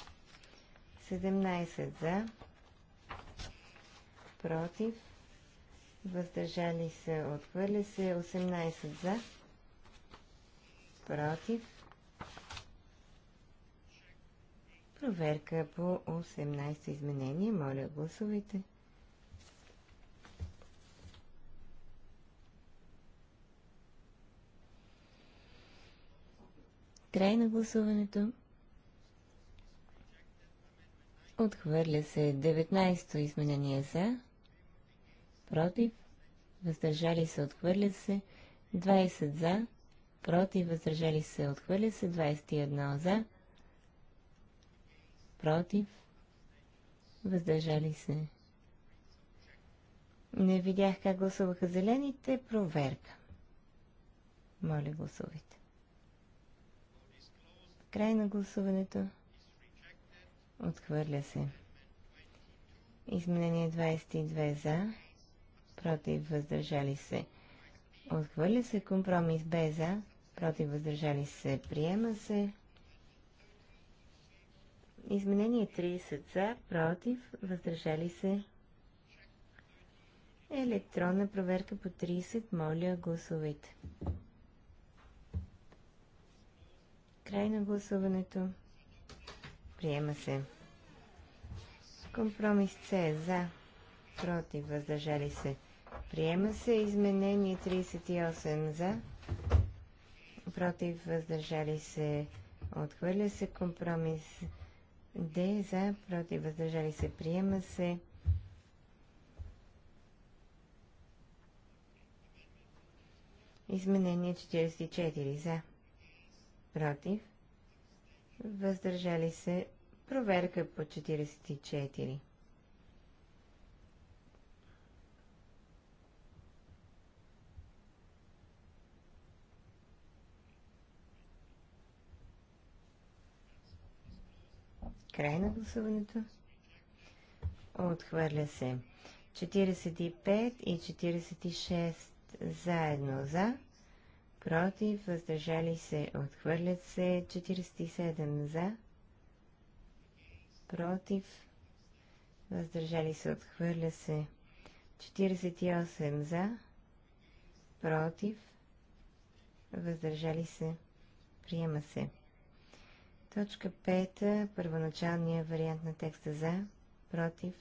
17 за, против, въздържали се, отхвърля се. 18 за, против. Проверка по 18 изменение. Моля, гласувайте. Край на гласуването. Отхвърля се 19-то изменение за. Против. Въздържали се. Отхвърля се. 20 за. Против. Въздържали се. Отхвърля се. 21 за. Против. Въздържали се. Не видях как гласуваха зелените. Проверка. Моля, гласувайте. Край на гласуването. Отхвърля се. Изменение 22 за. Против въздържали се. Отхвърля се компромис Б за. Против въздържали се. Приема се. Изменение 30 за. Против въздържали се. Електронна проверка по 30. Моля, гласувайте. Край на гласуването. Приема се. Компромис С. За. Против. Въздържали се. Приема се. Изменение 38. За. Против. Въздържали се. Отхвърля се. Компромис Д. За. Против. Въздържали се. Приема се. Изменение 44. За против, въздържали се, проверка по 44. Край на гласуването. Отхвърля се. 45 и 46 заедно за, против, въздържали се, отхвърлят се 47 за, против, въздържали се, отхвърля се 48 за, против, въздържали се, приема се. Точка 5. Първоначалния вариант на текста за, против,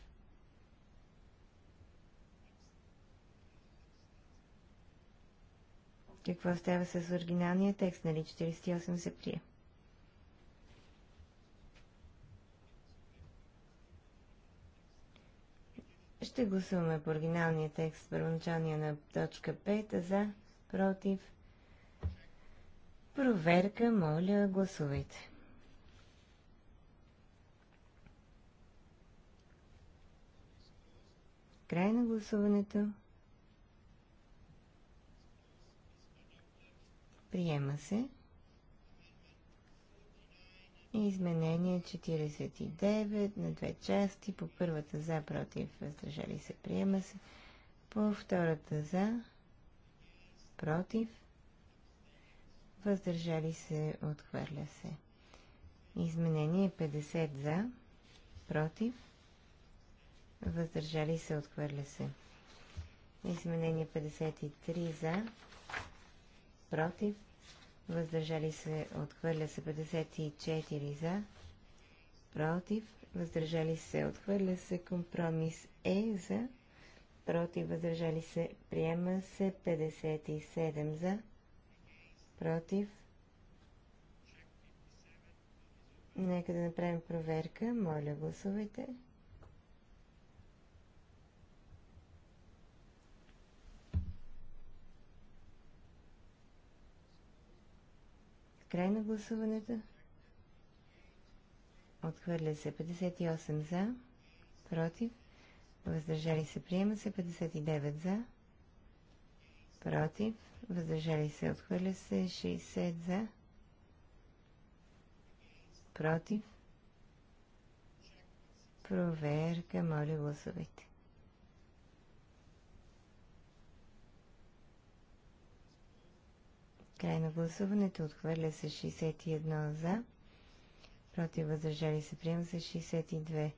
Какво става с оригиналния текст, нали 48 се прие? Ще гласуваме по оригиналния текст, първоначалния на точка 5, за, против. Проверка, моля, гласувайте. Край на гласуването. Приема се. Изменение 49 на две части. По първата за, против, въздържали се. Приема се. По втората за, против, въздържали се. Отхвърля се. Изменение 50 за, против, въздържали се. Отхвърля се. Изменение 53 за, против, въздържали се, отхвърля се 54 за, против, въздържали се, отхвърля се компромис Е за, против, въздържали се, приема се 57 за, против. Нека да направим проверка. Моля, гласувайте. Край на гласуването. Отхвърля се 58 за, против, въздържали се, приема се 59 за, против, въздържали се, отхвърля се 60 за, против. Проверка, моля гласовете. Край на гласуването отхвърля се 61 за, против въздържали се, приема се 62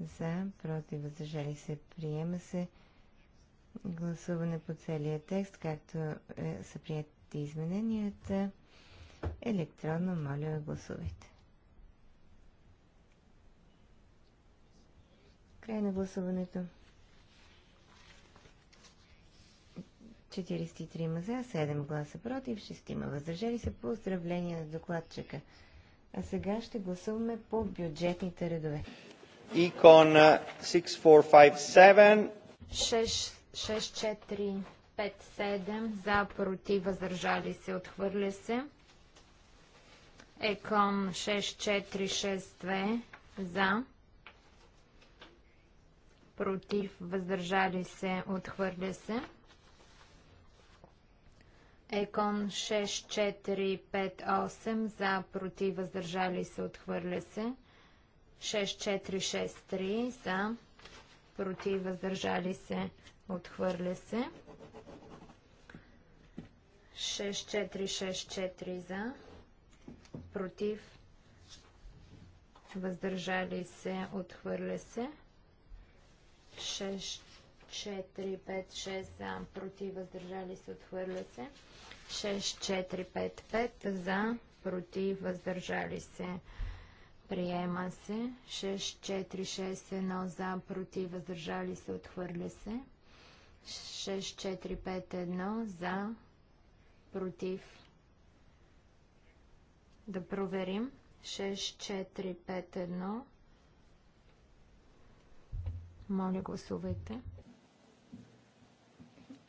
за, против въздържали се, приема се гласуване по целия текст, както е, са приятели измененията. Електронно моля гласувайте. Край на гласуването. 43 за, 7 гласа против, 6 въздържали се. Поздравление на докладчика. А сега ще гласуваме по бюджетните редове. Икон 6457. 6457 за, против, въздържали се, отхвърля се. Екон 6462 за против, въздържали се, отхвърля се. Екон 6458 за против въздържали се отхвърля се. 6463 за против въздържали се отхвърля се. 6464 за против въздържали се отхвърля се. 6 4, 5, 6 за, против, въздържали се, отхвърля се. 6, 4, 5, 5 за, против, въздържали се, приема се. 6, 4, 6, 1 за, против, въздържали се, отхвърля се. 6, 4, 5, 1 за, против. Да проверим. 6, 4, 5, 1. Моля, гласувайте.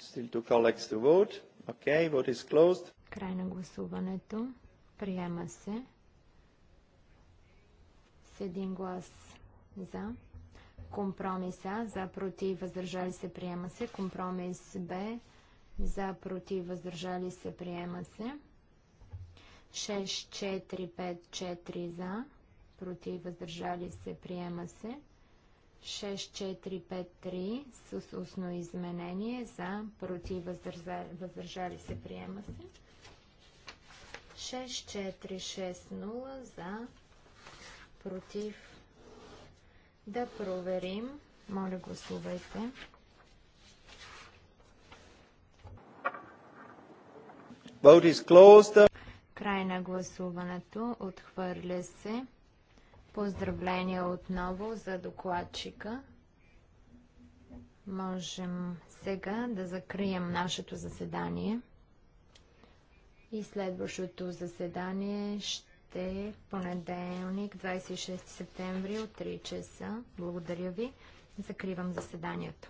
Still two colleagues to vote. Okay, vote is closed. Край на гласуването. Приема се. С един глас за. Компромис А. За против въздържали се. Приема се. Компромис Б. За против въздържали се. Приема се. 6-4-5-4 за. Против въздържали се. Приема се. 6453 с устно изменение за против въздържали, въздържали се приема се. 6460 за против да проверим. Моля гласувайте. Край на гласуването. Отхвърля се. Поздравления отново за докладчика. Можем сега да закрием нашето заседание. И следващото заседание ще е понеделник, 26 септември от 3 часа. Благодаря ви. Закривам заседанието.